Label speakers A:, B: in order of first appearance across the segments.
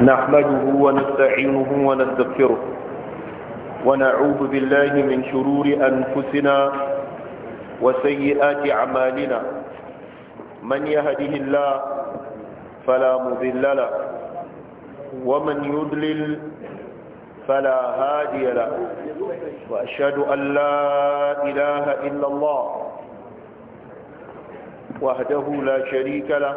A: نحمده ونستعينه ونستغفره ونعوذ بالله من شرور أنفسنا وسيئات أعمالنا من يهده الله فلا مذل له ومن يضلل فلا هادي له
B: وأشهد أن لا إله
A: إلا الله وحده لا شريك له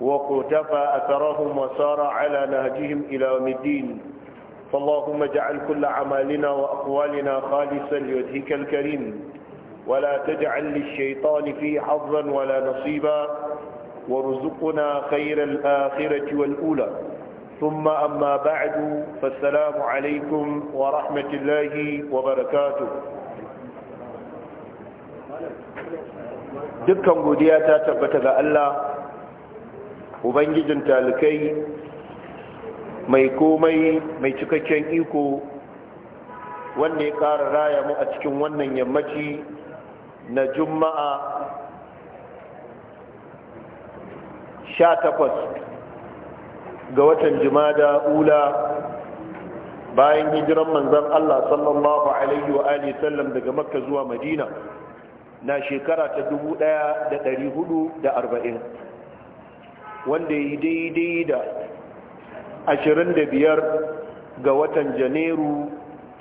A: وقتفى أثرهم وسار على نهجهم إلى يوم الدين فاللهم اجعل كل عمالنا وأقوالنا خالصا لوجهك الكريم ولا تجعل للشيطان فيه حظا ولا نصيبا وارزقنا خير الآخرة والأولى ثم أما بعد فالسلام عليكم ورحمة الله وبركاته
B: دكا مودياتا
A: تبتغى الله ubangijin talikai mai komai mai cikakken iko wanda ya ƙara raya mu a cikin wannan yammaci na juma'a 18 ga watan jimada ula bayan hijiran manzan Allah sallallahu alaihi wa alihi sallam daga makka zuwa madina na shekara ta 1440 wanda yi daidai da 25 ga watan janairu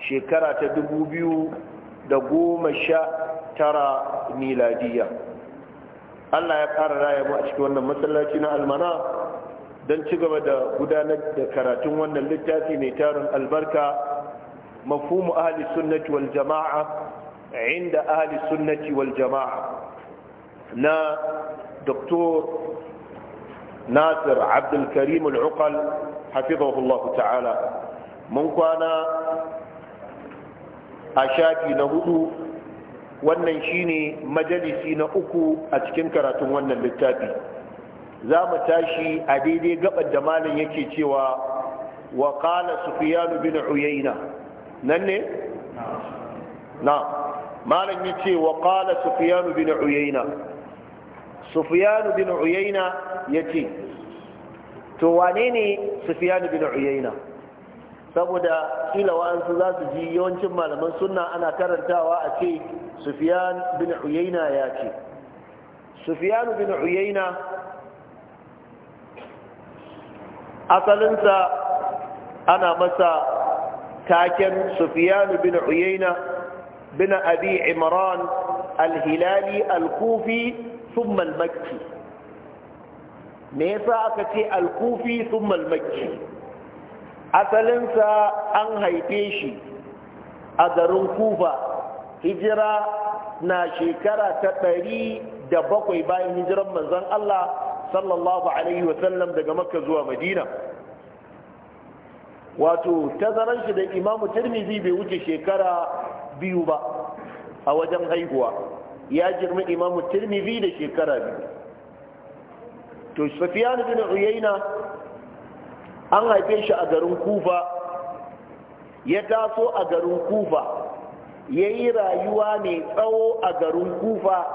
A: shekara ta 2019 miladiya Allah ya ƙara raya mu a cikin wannan matsalaci na almana don ci gaba da gudanar da karatun wannan littafi mai tarin albarka ahli مفهوم wal jama'a والجماعة عند أهل wal jama'a na دكتور nasir abdulkarim al'uqal hafizahullahu ta'ala mun kwana a shafi na hudu wannan shine majalisi na uku a cikin karatun wannan littafi za mu tashi a daidai gabar da malin yake cewa wa qala sufyan bin nan ne na malin yace wa qala sufyan bin uyayna Sufiyanu bin ya yace to wane ne Sufiyanu bin uyaina saboda kila wa'ansu za su ji yawancin malaman sunna ana karantawa a ce sufyan bin uyayna ya ce Sufiyanu bin uyayna asalinsa ana masa taken Sufiyanu bin uyaina bin abi imran al-hilali al-kufi thumma al me yasa aka ce alkufi sun thumma asalinsa an haife shi a garin kufa hijira na shekara ta ɗari da bakwai bayan hijiran manzon Allah sallallahu alaihi wasallam daga makka zuwa madina wato tazaran shi da imamu Turmizi bai wuce shekara biyu ba a wajen haihuwa ya jirmi imamu tirmidhi da shekara biyu to sufyan bin uyayna an haife shi a garin kufa ya taso a garin kufa ya yi rayuwa mai tsawo a garin kufa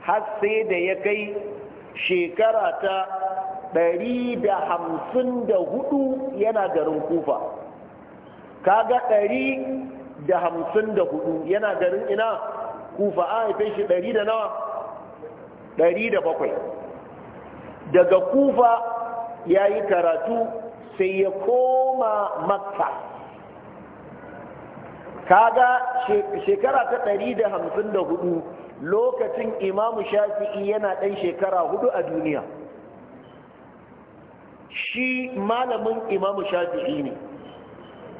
A: har sai da ya kai shekara ta ɗari da hamsin da hudu yana garin kufa kaga ɗari da hamsin da hudu yana garin ina kufa a haife shi ɗari da nawa ɗari da bakwai daga kufa ya yi karatu sai ya koma makka kaga shekara ta ɗari da hamsin da hudu lokacin imamu shafi'i yana ɗan shekara hudu a duniya shi malamin imamu shafi'i ne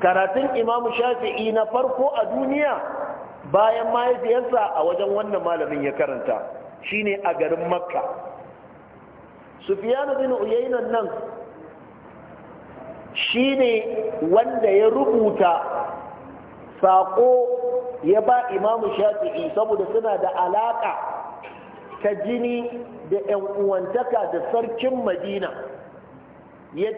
A: karatun imamu shafi'i na farko a duniya bayan mahaifiyarsa a wajen wannan malamin ya karanta shine a garin makka sufiyanu bin uyainan nan shine wanda ya rubuta saƙo ya ba imamu shafi'i saboda suna da alaƙa ta jini da 'yan uwantaka da sarkin madina ya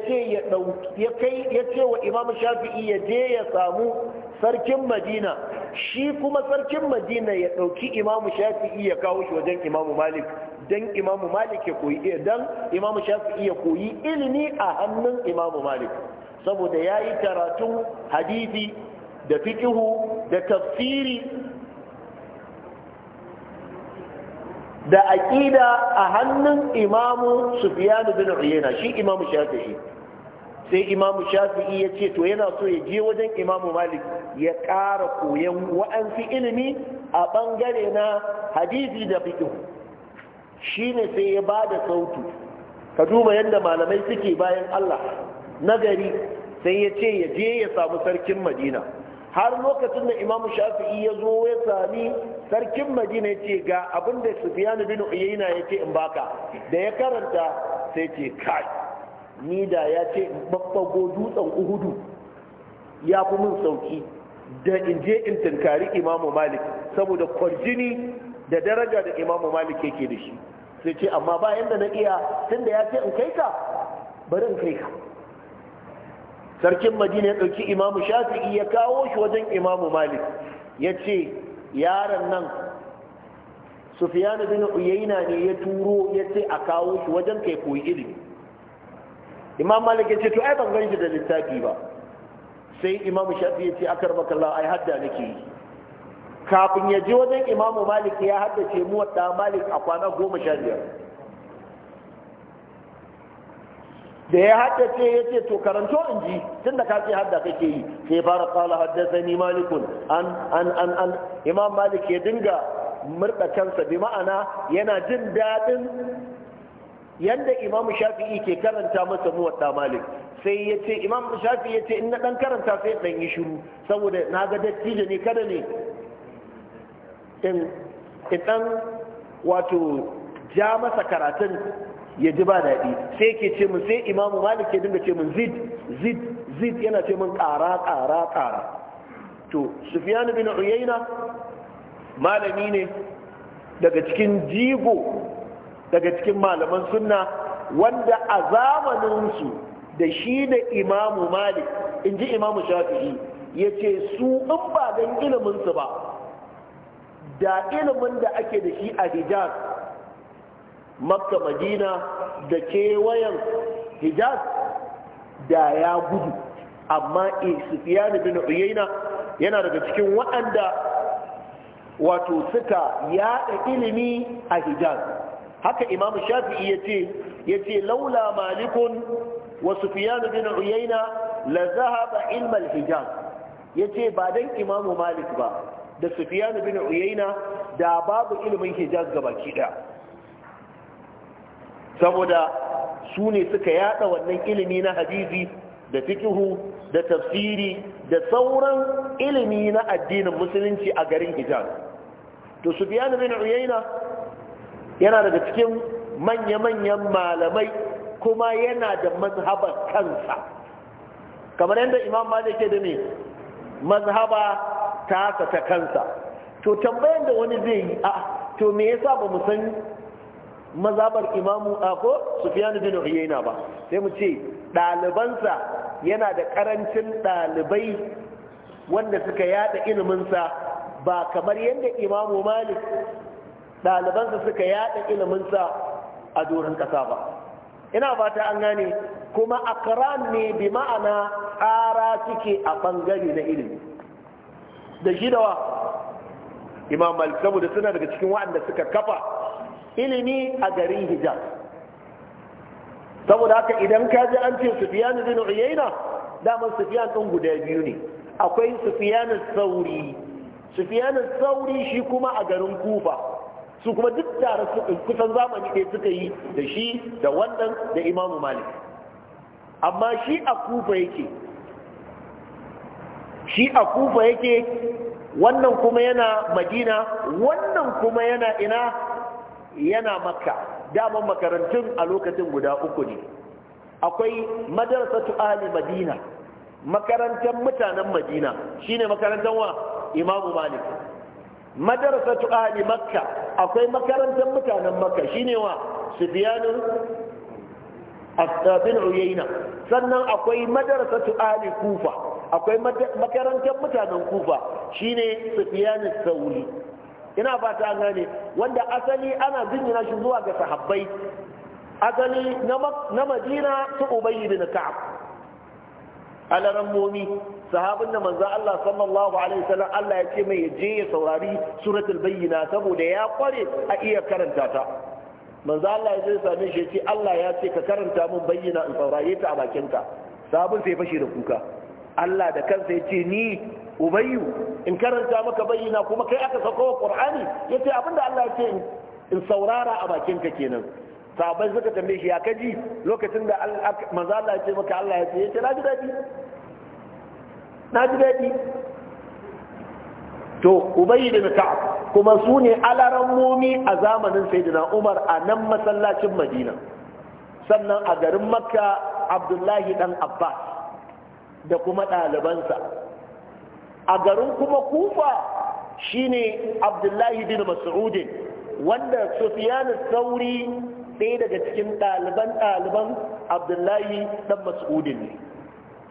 A: ce wa imam shafi'i ya je ya samu sarkin madina shi kuma sarkin madina ya ɗauki imam shafi'i ya kawo shi wajen imam malik don imam malik ya koyi eh, don imam shafi'i ya koyi ilimi a hannun imam malik saboda ya yi karatun hadisi da fikihu da tafsiri da aƙida a hannun imamu sufiyanu bin uyena shi imamu shafi'i sai imamu shafi'i ya ce to yana so ya je wajen imamu malik ya ƙara koyon wa'ansu ilimi a ɓangare na hadisi da fiƙin shi ne sai ya ba da sautu ka duba yadda malamai suke bayan allah nagari sai ya ce ya je ya samu sarkin madina har lokacin da imam shafi'i ya zo ya sami sarkin madina ce ga abin da sufyan bin uyayna ya ce in baka da ya karanta sai ce kai ni da ya ce in babbago dutsen uhudu ya fi min sauki da in je in tunkari imamu malik saboda kwarjini da daraja da imamu malik yake da shi sai ce amma bayan da na iya tun da ya ce in kai ka bari in kai ka sarkin madina ya ɗauki imamu shafi'i ya kawo shi wajen imamu malik ya ce yaron nan sufiyanu bin uyaina ne ya turo ya ce a kawo shi wajen kai koyi ilimi imam malik ya ce to ai ban gani da littafi ba sai imamu shafi'i ya ce akar kalla ai hadda nake yi kafin ya je wajen imamu malik ya haddace mu muwadda malik a kwana goma sha biyar da ya haddace ya ce to karanto in ji tun da ka kake yi sai fara kala haddasa ni malikun an an an imam malik ya dinga murda kansa bi ma'ana yana jin daɗin yadda imam shafi'i ke karanta masa muwatta malik sai ya ce imam shafi'i ya ce in na ɗan karanta sai ɗan yi shiru saboda na ga dattijo ne kada ne in ɗan wato ja masa karatun ya ji ba daɗi sai ke ce mun sai imamu malik ya dinga ce mun zid zid zid yana ce mun ƙara ƙara ƙara to sufiyanu bin uyayna malami ne daga cikin jigo daga cikin malaman sunna wanda a zamaninsu da shi da imamu malik in ji imamu shafi'i ya ce su in ba don iliminsu ba da ilimin da ake da shi a hijaz makka madina da kewayen hijaz da ya gudu amma sufiyan bin uyayna yana daga cikin waɗanda wato suka yaɗa ilimi a hijaz haka imam shafi'i ya ce ya ce laula malikun wa sufiyan bin uyayna la zahaba ilmal hijaz ya ce ba dan Imam malik ba da sufiyan bin uyayna da babu ilimin hijaz baki ɗaya saboda su ne suka yada wannan ilimi na hadisi da fikihu da tafsiri da sauran ilimi na addinin musulunci a garin hijaz to sufyan bin uyayna yana daga cikin manya-manyan malamai kuma yana da mazhabar kansa kamar yadda imam malik da ne mazhaba ta ta kansa to tambayan da wani zai yi a ah, to me yasa ba mu san mazabar imamu ako sufyan bin uyayna ba sai mu ce ɗalibansa yana da ƙarancin ɗalibai wanda suka yada iliminsa ba kamar yadda imamu malik ɗalibansa suka yada iliminsa a doron ƙasa ba ina fata an gane kuma a akran ne bi ma'ana tsara suke a bangare na ilimi da shi da wa imam malik saboda suna daga cikin waɗanda suka kafa ilimi a garin hijaz saboda haka idan ka ji an ce sufiyan bin uyayna daman sufiyan ɗin guda biyu ne akwai sufiyan sauri sufiyan sauri shi kuma a garin kufa su kuma duk tare kusan zamani ɗaya suka yi da shi da wannan da imamu malik amma shi a kufa yake shi a kufa yake wannan kuma yana madina wannan kuma yana ina yana makka daman makarantun a lokacin guda uku ne akwai madrasatu ali madina makarantar mutanen madina shine makarantar wa imamu malik madrasatu ali makka akwai makarantar mutanen makka shine wa sufyanu bin uyayna sannan akwai madrasatu ali kufa akwai makarantar mutanen kufa shine sufyanu sauli ina fata an gane wanda asali ana jingina shi zuwa ga sahabbai asali na madina su ubayyi bin ka'ab alaran momi sahabin da manzo Allah sallallahu alaihi wasallam Allah ya ce mai je ya saurari suratul bayyina saboda ya kware a iya karanta ta manzo Allah ya zai same shi ce Allah ya ce ka karanta mun bayyana in saurare ta a bakinka sabon sai fashi da kuka Allah da kansa ya ce ni ubayyu in karanta maka bayyana kuma kai aka sako wa Ya ce abinda Allah ya ce in saurara a bakinka kenan sahabbai suka tambaye shi ya kaji lokacin da manzo Allah ya ce maka Allah ya ce yace na ji daɗi, na ji daɗi. to ubay bin ka'ab kuma su ne alaran mumi a zamanin sayyidina Umar a nan masallacin Madina sannan a garin Makka Abdullahi dan Abbas da kuma ɗalibansa a garin kuma kufa shine abdullahi bin mas'udin wanda sufyan sauri ɗaya daga cikin ɗaliban ɗaliban abdullahi ɗan mas'udin ne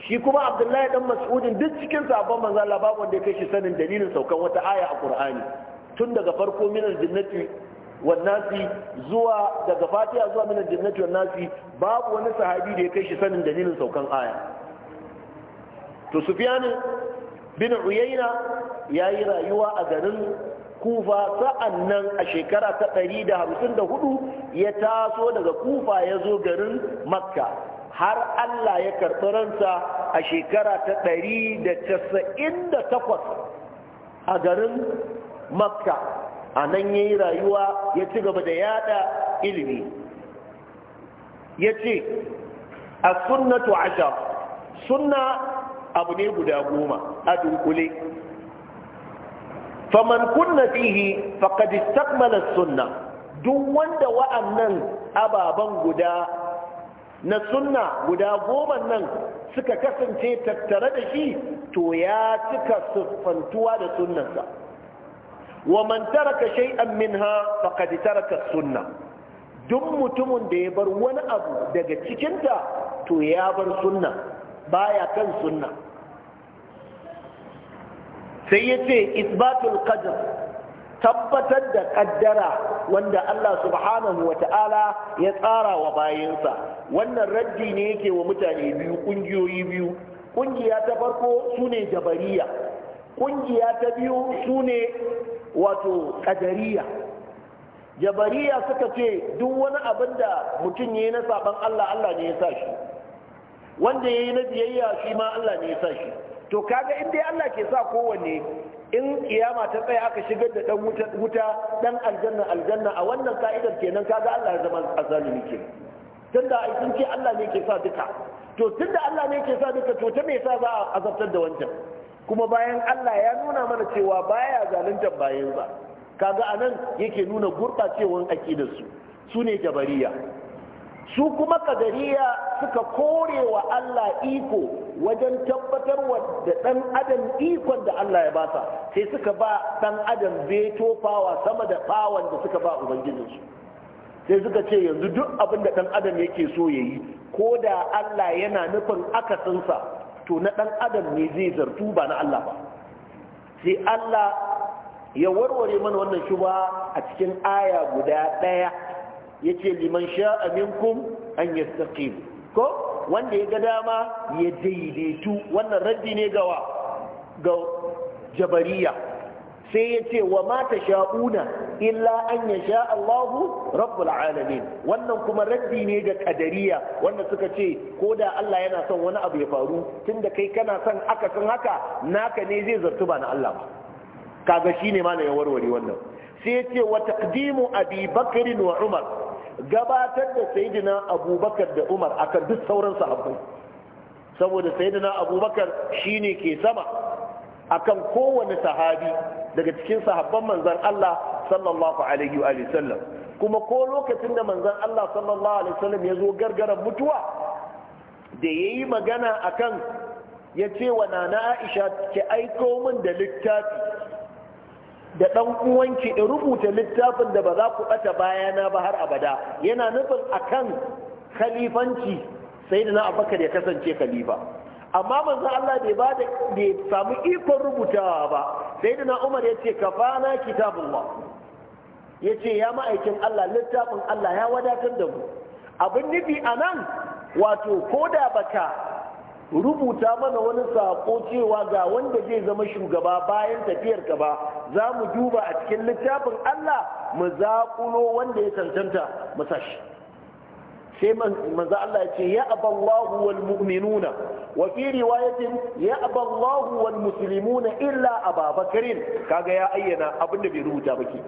A: shi kuma abdullahi dan mas'udin duk cikin sabon manzo Allah babu wanda ya kai shi sanin dalilin saukan wata aya a Qur'ani tun daga farko minal jinnati wan nasi zuwa daga Fatiha zuwa minal jinnati wan nasi babu wani sahabi da ya kai shi sanin dalilin saukan aya to Sufyan bin uyayna ya yi rayuwa a garin kufa sa'annan a shekara ta ɗari hudu ya taso daga kufa ya zo garin makka har allah ya karɓi ransa a shekara ta ɗari a garin makka a nan ya yi rayuwa ya ci gaba da yada ilimi ya ce a sunnatu ashar
B: sunna
A: abu ne guda goma a dunkule faman kunna fihi faqad istakmala sunna duk wanda wa'annan ababan guda na sunna guda goma nan suka kasance tattare da shi to ya cika siffantuwa da sunnansa wa man taraka shay'an minha faqad taraka sunna duk mutumin da ya bar wani abu daga cikinta to ya bar sunna baya kan sunna sai ya ce isbatul qadr tabbatar da kaddara wanda Allah subhanahu wa ta'ala ya tsara wa bayansa wannan raddi ne yake wa mutane biyu kungiyoyi biyu kungiya ta farko su ne jabariya kungiya ta biyu su ne wato kadariya jabariya suka ce duk wani abin da mutum ya yi na saban Allah Allah ne ya sa shi wanda ya yi na biyayya shi ma Allah ne ya sa shi to kaga inda Allah ke sa kowanne in kiyama ta tsaya aka shigar da dan wuta dan aljanna aljanna a wannan ka'idar kenan kaga Allah ya zama azalimi ke tunda ai sun ce Allah ne ke sa duka to tunda Allah ne ke sa duka to ta me sa za a azabtar da wancan kuma bayan Allah ya nuna mana cewa baya zaluntar bayan ba kaga anan yake nuna gurbacewan akidar su su ne jabariya su kuma kadariya suka kore wa Allah iko wajen tabbatar wa da ɗan adam ikon da Allah ya basa sai suka ba ɗan adam beto tofawa sama da fawan da suka ba ubangijinsu sai suka ce yanzu duk abin da ɗan adam yake so ya yi ko da Allah yana nufin akasinsa to na ɗan adam ne zai zartu ba na Allah ba sai Allah ya warware mana wannan shuba a cikin aya guda ɗaya yace liman sha'a minkum an ko wanda ya ga dama ya daidaitu wannan raddi ne gawa ga jabariya sai ya ce wa mata sha'una illa an ya sha Allahu rabbul alamin wannan kuma raddi ne ga kadariya wanda suka ce ko da Allah yana son wani abu ya faru tunda kai kana son aka san haka naka ne zai zartu ba na Allah ba kaga shine ma ya warware wannan sai ya ce wa taqdimu abi bakr wa umar gabatar da sayidina abubakar da umar akan duk sauran sahabbai saboda sayidina abubakar shine ke sama akan kowane sahabi daga cikin sahabban manzan Allah sallallahu alaihi wa sallam kuma ko lokacin da manzan Allah sallallahu alaihi wa sallam ya zo gargaran mutuwa da ya yi magana akan ya ce wa nana Aisha ki aiko min da littafi da ɗan uwanki in rubuta littafin da ba za ku ɓata bayana ba har abada yana nufin akan khalifanci sai da na abakar ya kasance khalifa amma manzo Allah bai ba da bai samu ikon rubutawa ba sai da na Umar ya ce ka kitabun kitabullah ya ce ya ma'aikin Allah littafin Allah ya wadatar da mu abin nufi anan, wato ko da baka rubuta mana wani sako cewa ga wanda zai zama shugaba bayan tafiyar ka ba za mu duba a cikin littafin Allah mu zaƙulo wanda ya cancanta masashi sai manzo Allah ya ce ya aballahu wal mu'minuna wa fi
B: riwayatin
A: ya aballahu wal muslimuna illa ababakarin kaga ya ayyana abinda bai rubuta ba ke.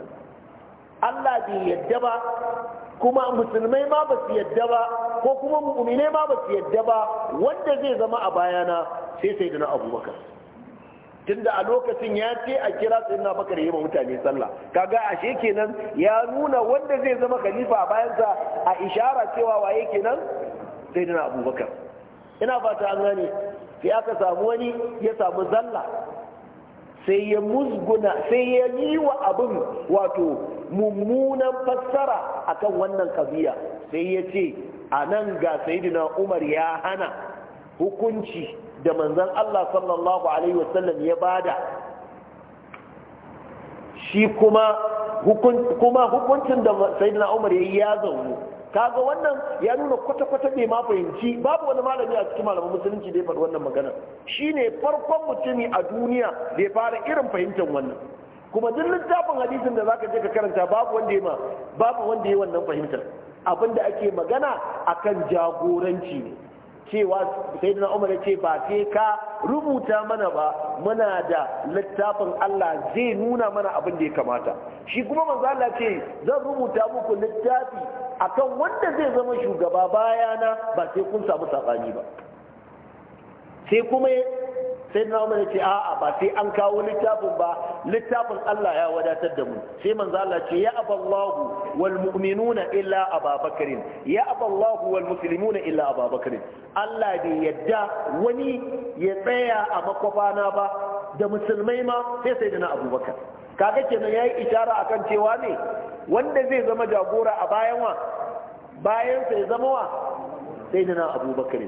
A: Allah bai yadda ba kuma musulmai ma ba su yadda ba ko kuma mu'mine ma ba su yadda ba wanda zai zama a bayana sai sai na abubakar tunda a lokacin ya ce a kira su na bakar yi mutane sallah kaga ashe kenan ya nuna wanda zai zama khalifa a bayansa a ishara cewa waye kenan sai dana abubakar ina fata an gane sai aka samu wani ya samu zalla sai ya musguna sai ya yi wa abin wato mummunan fassara akan wannan kabiya sai ya ce a nan ga sayidina umar ya hana hukunci da manzan Allah sallallahu alaihi wasallam ya bada shi kuma kuma hukuncin da sayidina umar ya yi ya zaune kaga wannan ya nuna kwata-kwata bai ma fahimci babu wani malami a cikin malamin musulunci da ya faɗi wannan magana shine farkon mutumi a duniya da ya fara irin fahimtar wannan kuma duk littafin hadisin da zaka je ka karanta babu wanda ya ma babu wanda ya wannan fahimtar abinda ake magana akan jagoranci ne cewa sayyidina Umar ce ba sai ka rubuta mana ba muna da littafin Allah zai nuna mana abin da ya kamata shi kuma manzo Allah ce zan rubuta muku littafi akan wanda zai zama shugaba bayana ba sai kun samu sabani ba sai kuma sai na umar ce a'a ba sai an kawo littafin ba littafin Allah ya wadatar da mu sai manzo Allah ce ya aballahu wal mu'minuna illa ababakar ya aballahu wal muslimuna illa ababakar Allah bai yadda wani ya tsaya a makwafana ba da musulmai ma sai sai da na abubakar kaga kenan yayi ishara akan cewa ne wanda zai zama jagora a bayan wa bayan sai zama wa sai da na abubakar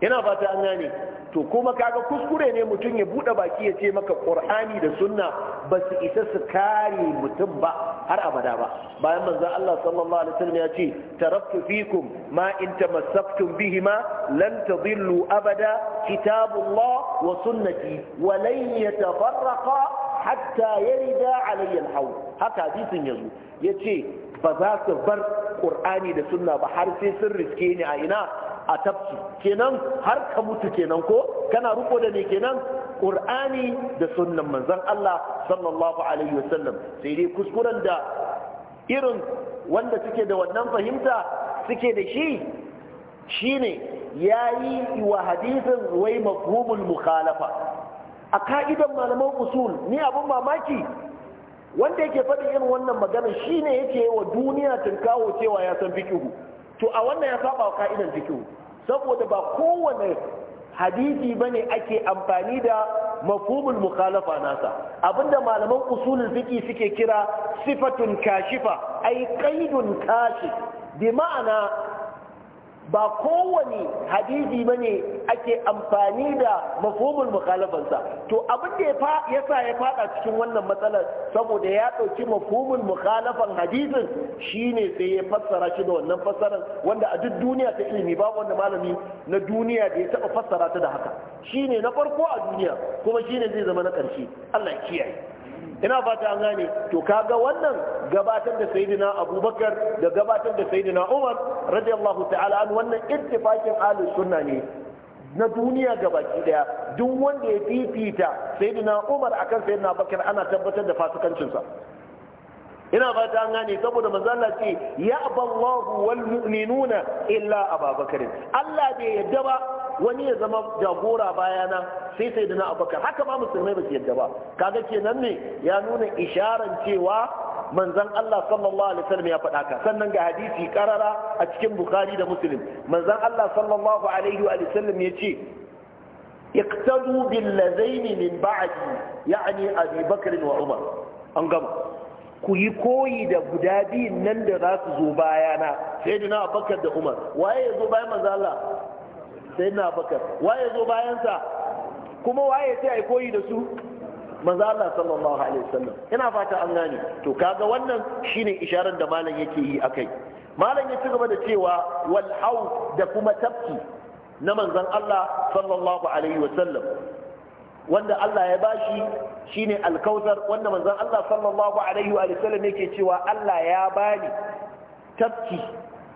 A: yana ba ta an gane to kuma kaga kuskure ne mutum ya bude baki ya ce maka qur'ani da sunna ba su isa su kare mutum ba har abada ba bayan manzon Allah sallallahu alaihi wasallam ya ce taraktu fikum ma in tamassaktum bihima lan tadillu abada kitabullah wa sunnati wa lan yatafarraqa hatta yarida alayya al haka hadisin yazo yace ba za su bar qur'ani da sunna ba har sai sun riske ni a ina a tafki kenan har ka mutu kenan ko kana riko da ne kenan qur'ani da sunnan manzon Allah sallallahu alaihi wasallam sai dai kuskuren da irin wanda suke da wannan fahimta suke da shi shine yayi wa hadisin wai mafhumul mukhalafa a ka'idan malaman usul ni abin mamaki wanda yake faɗin irin wannan magana shine yake wa duniya tunkawo cewa ya san fikihu to a wannan ya saba wa ka'idan fikihu saboda ba kowane hadisi bane ake amfani da mafhumul mukhalafa nasa abinda malaman usulul fiqi suke kira sifatun kashifa ay qaidun kashif bi ma'ana ba kowane hadisi ba ne ake amfani da mafhumul mukhalafansa to abin da ya sa ya fada cikin wannan matsalar saboda ya ɗauki mafhumul mukhalafan hadisin shine sai ya fassara shi da wannan fassarar wanda a duk duniya ta ilimi babu wanda malami na duniya da ya taɓa fassara ta da haka shine na farko a duniya kuma shi ne zai zama na ƙarshe Allah ya kiyaye ina fata an gane to kaga wannan gabatar da sayyidina abubakar da gabatar da sayyidina umar radiyallahu ta'ala an wannan ittifakin ahlus sunna ne na duniya gabaki daya duk wanda ya fifita sayyidina umar akan sayyidina Abubakar ana tabbatar da fasikancinsa ina fata an gane saboda manzo Allah ce ya aballahu wal mu'minuna illa ababakar Allah bai yadda ba wani ya zama jagora bayana sai sai na abubakar haka ma musulmai ba su yadda ba kaga kenan ne ya nuna isharan cewa manzan Allah sallallahu alaihi wasallam ya faɗa ka sannan ga hadisi karara a cikin bukhari da muslim manzan Allah sallallahu alaihi wa sallam ya ce iqtadu bil ladaini min ba'di ya'ni abi bakr wa umar an gama ku yi koyi da guda biyun nan da za su zo bayana sai da Abubakar da umar waye ya zo bayan manzo Allah sayyidina abubakar waye zo bayansa kuma waye sai yi koyi da su manzo Allah sallallahu alaihi wasallam ina fata an gane to kaga wannan shine isharar da malam yake yi akai malam ya ci gaba da cewa wal hau da kuma tafki na manzon Allah sallallahu alaihi wasallam wanda Allah ya bashi shine alkautar wanda manzon Allah sallallahu alaihi wa sallam yake cewa Allah ya bani tafki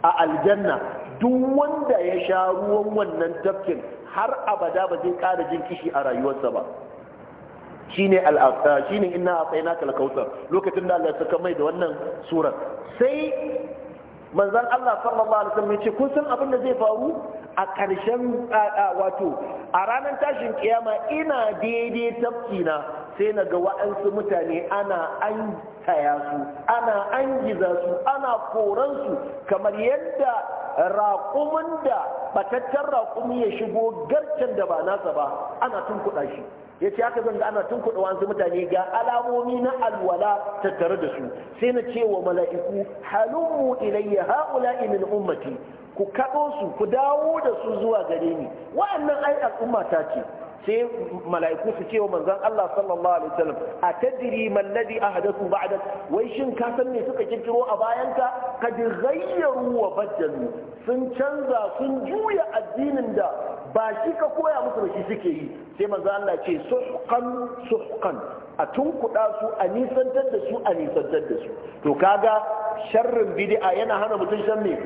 A: a aljanna duk wanda ya sha ruwan wannan tafkin har abada ba zai ƙara jin kishi a rayuwarsa ba shine ina shine inna atsainaka lokacin da Allah ya saka mai da wannan surar sai manzon Allah sallallahu alaihi wasallam yace kun san abin da zai faru a ƙarshen wato a ranar tashin kiyama ina daidai na. sai na ga wa'ansu mutane ana an taya su ana an giza su ana su. kamar yadda raƙumin da bataccen raƙumi ya shigo garcen da ba nasa ba ana tunkuɗa shi ya ce haka zan ga ana tun kuɗa wasu mutane ga alamomi na alwala tattare da su sai na ce wa mala'iku halummu ilayya ha'ula'i min ummati ku kaɗo su ku dawo da su zuwa gare ni wa'annan ai al'umma ta ce sai mala'iku su ce wa manzon Allah sallallahu alaihi wasallam a tadri man ladhi ahdathu ba'da wai shin ka san me suka kirkiro a bayanka kad ghayyaru wa badalu sun canza sun juya addinin da ba shi ka koya musu ba shi suke yi sai manzon Allah ce suhqan suhqan a tunkuɗa su a nisantar da su a nisantar da su to kaga sharrin bid'a yana hana mutum shan me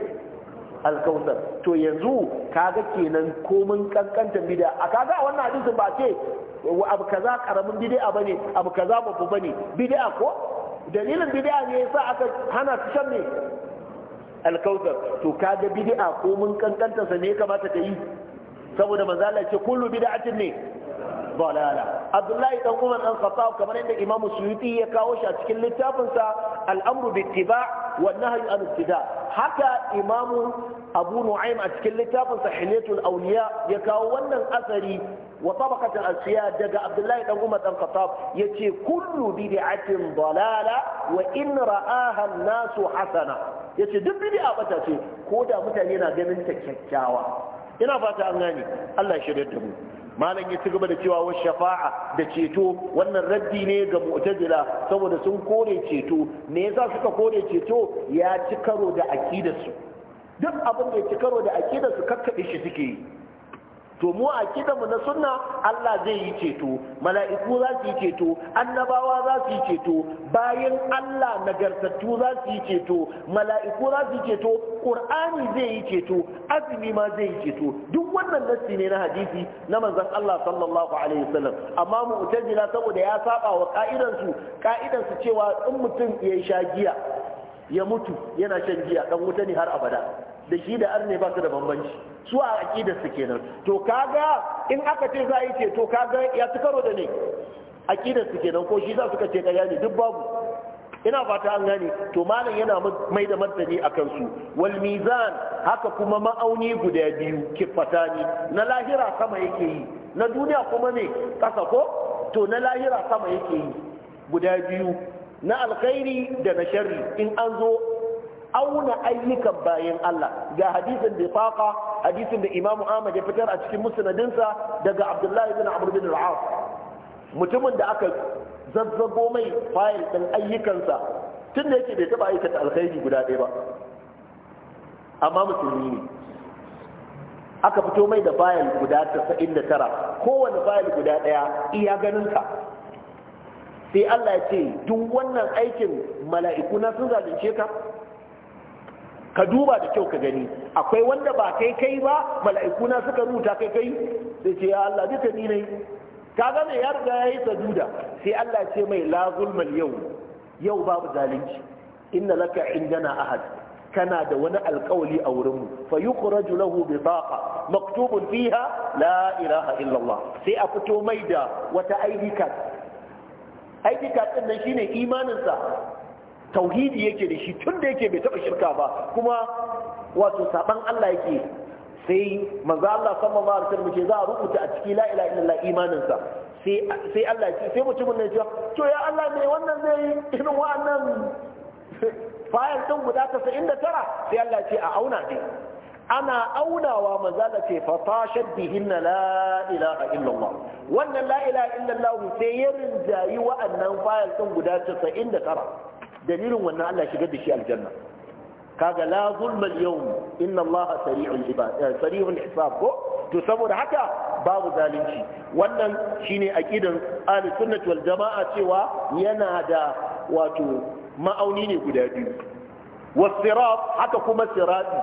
A: alkautar to yanzu kaga kenan komin kankanta bid'a a kaga a wannan hadisin ba ce abu kaza karamin bid'a bane abu kaza babu bane bid'a ko dalilin bid'a ne yasa aka hana su shan ne alkautar to kaga bid'a komin kankanta sa ne kamata ta yi saboda manzo Allah ce kullu bid'atin ne dalala abdullahi dan umar kamar inda Imamu suyuti ya kawo shi a cikin littafinsa Al'amru Bittiba wa nahyu an ibtida' haka imam abu nu'aym a cikin littafinsa sa hilatul ya kawo wannan asari wa tabaqatul asiya daga abdullahi dan umar dan khattab yace kullu bid'atin dalala wa in ra'aha an-nasu hasana yace duk bid'a bata ce ko da mutane na ganin ta kyakkyawa ina fata an gane Allah ya shirye da mu malam ya ci gaba da cewa wa shafa'a da ceto wannan raddi ne ga mu'tazila saboda sun kore ceto me yasa suka kore ceto ya ci karo da akidarsu duk abin da ya ci karo da akidarsu kakkabe shi suke yi to mu a mu na sunna Allah zai yi ceto mala'iku za su yi ceto annabawa za su yi ceto bayan Allah nagartattu za su yi ceto mala'iku za su yi ceto qur'ani zai yi ceto azumi ma zai yi ceto duk wannan nassi ne na hadisi na manzon Allah sallallahu alaihi wasallam amma mu'tazila saboda ya saba wa ka'idan su ka'idan su cewa in mutum ya sha giya ya mutu yana shan giya dan wuta ne har abada da shi da arne ba su da bambanci su a aƙidar su kenan to kaga in aka ce za a yi ce to kaga ya su karo da ne aƙidar su kenan ko shi za su ce ƙarya ne duk babu ina fata an gane to malam yana mai da martani a kansu wal mizan haka kuma ma'auni guda biyu kifatani na lahira sama yake yi na duniya kuma ne ƙasa ko to na lahira sama yake yi guda biyu na alkhairi da na sharri in an zo auna ayyukan bayan Allah ga hadisin faqa hadisin da Imam Ahmad ya fitar a cikin musnadinsa daga Abdullahi bin Amr bin al mutumin da aka zazzago mai fayil din ayyukansa tun da yake bai taba aikata alkhairi guda ɗaya ba amma musulmi ne aka fito mai da fayil guda 99 kowane fayil guda ɗaya iya ganinka sai Allah ya ce duk wannan aikin mala'iku na sun zalunce ka ka duba da kyau ka gani akwai wanda ba kai kai ba mala'iku na suka rubuta kai kai sai ce ya Allah duka ni ne ya riga yayi sajuda sai Allah ce mai la zulmal yau yau babu zalunci inna laka indana ahad kana da wani alkawali a mu. fa yukhraju lahu bitaqa maktubun fiha la ilaha illa Allah sai a fito mai da wata ID card ID card din nan shine imaninsa tauhidi yake da shi tun da yake bai taba shirka ba kuma wato saban Allah yake sai manzo Allah sallallahu alaihi wasallam ce za a rubuta a cikin la ilaha illallah imaninsa sai sai Allah ce sai mutumin ne ya to ya Allah ne wannan zai yi irin wa'annan fayil din guda 99 sai Allah ce a auna dai ana aunawa mazala ce fatashar bihin na la'ilaha illallah wannan la'ilaha illallah sai ya rinjayi wa'annan fayil ɗin guda 99 dalilin wannan Allah shigar da shi aljanna kaga la zulma al-yawm inna Allah sari'ul ibad eh, sari'ul hisab ko to saboda haka babu zalunci wannan shine aqidan ahli sunnati wal jamaa cewa yana da wato ma'auni ne guda biyu wasirat haka kuma sirati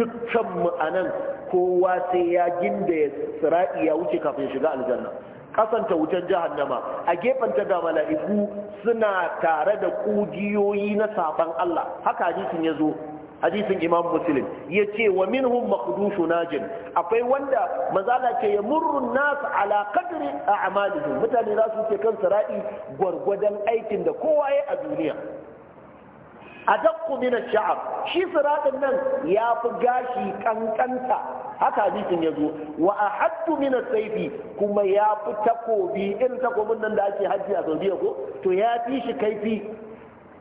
A: dukkan mu anan kowa sai ya ginda sirati ya wuce kafin shiga aljanna kasanta wutar jahannama a gefen ta ga mala'iku suna tare da kugiyoyi na safan Allah haka hadisin ya zo hadisin imam muslim ya ce wa minhum maqdushu najin akwai wanda mazala ke ya murrun nas ala qadri a'malihim mutane za su ce kan sarai gwargwadon aikin da kowa ya a duniya adaqqu min ash-sha'r shi siratin nan ya fi gashi kankanta haka hadisin yazo wa ahaddu min as kuma ya fi takobi irin takobin nan da ake hajji a Saudiya ko to ya fi shi kaifi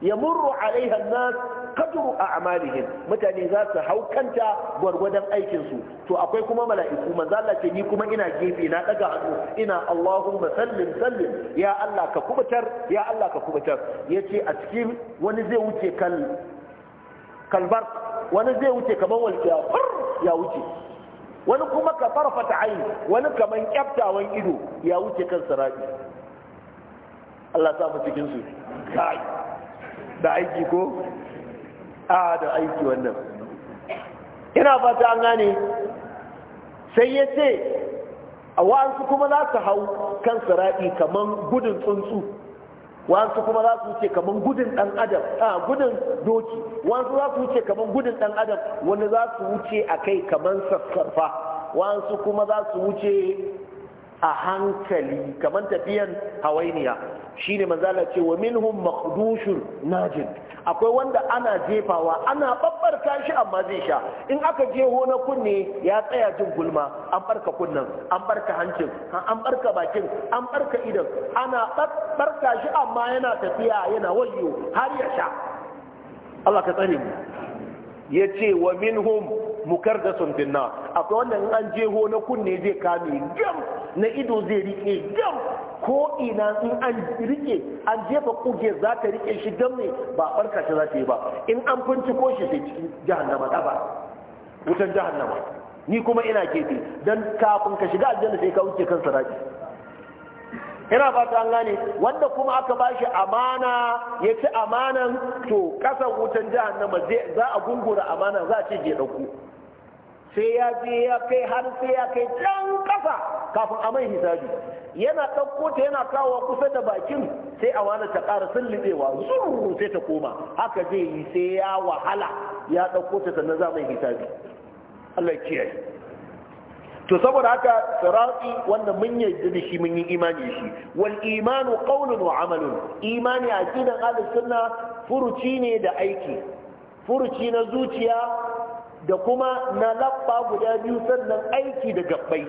A: yamurru alaiha an-nas a a'malihim mutane za su haukanta gwargwadon aikinsu, to akwai kuma mala'iku manzo Allah ni kuma ina gefe na daga hannu ina Allahumma sallim sallim ya Allah ka kubutar ya Allah ka kubutar yace a cikin wani zai wuce kal kalbar wani zai wuce kaman walkiya ya wuce wani kuma ka farfata aini wani kaman ido ya wuce kan Allah sa da aiki ko a da aiki wannan ina fata an gane sai ya ce a wa'ansu kuma za su hau kan siraɗi kamar gudun tsuntsu wa'ansu kuma za su wuce kamar gudun ɗan adam a gudun doki wa'ansu za su wuce kamar gudun ɗan adam wani za su wuce a kai kamar sassarfa wa'ansu kuma za su wuce a hankali kamar tafiyan hawainiya shine manzala ce wa minhum makhdushun najin akwai wanda ana jefawa ana babbarka shi amma zai sha in aka jeho na kunne ya tsaya jin gulma an barka kunnan, an barka hancin an barka bakin an barka idan ana babbar shi amma yana tafiya yana wayo har ya sha Allah ka tsare mu yace wa minhum mukardasun binna akwai wanda in an jeho na kunne zai kame gam na ido zai rike gam ko ina in an rike an jefa kuge za ta rike shi gam ne ba barka ta za ta yi ba in an binciko shi sai cikin jahannama da ba wutan jahannama ni kuma ina kefe dan kafin ka shiga aljanna sai ka wuce kan saraki ina fata an gane wanda kuma aka ba shi amana ya ci amanan to kasan wutan jahannama za a gungura amana za a ce je ɗauko. sai ya je ya kai har sai ya kai can kasa kafin a mai hisabi yana ɗauko ta yana kawo kusa da bakin sai a wani ta ƙara wa zurru sai ta koma haka zai yi sai ya wahala ya ɗauko ta sannan za mai hisabi Allah kiyaye to saboda haka sirati wanda mun yarda da shi mun yi imani shi wal imanu qaulun wa amalun imani a cikin sunna furuci ne da aiki furuci na zuciya da kuma na labba guda biyu sannan aiki da gabbai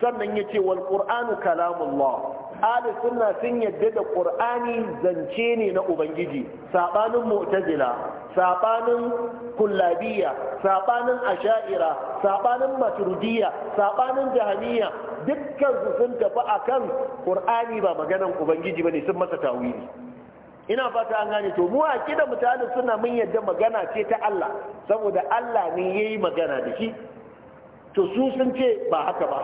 A: sannan ya ce wal ƙur'anu kalamullah Ali suna sun yadda da ƙur'ani zance ne na ubangiji sabanin mu'tazila sabanin kullabiya sabanin asha'ira sabanin maturidiya sabanin jahaniya dukkan su sun tafi akan ƙur'ani ba maganan ubangiji ne sun masa tawili ina fata an gane to mu aqida mutane suna mun yadda magana ce ta Allah saboda Allah ne yayi magana da shi to su sun ce ba haka ba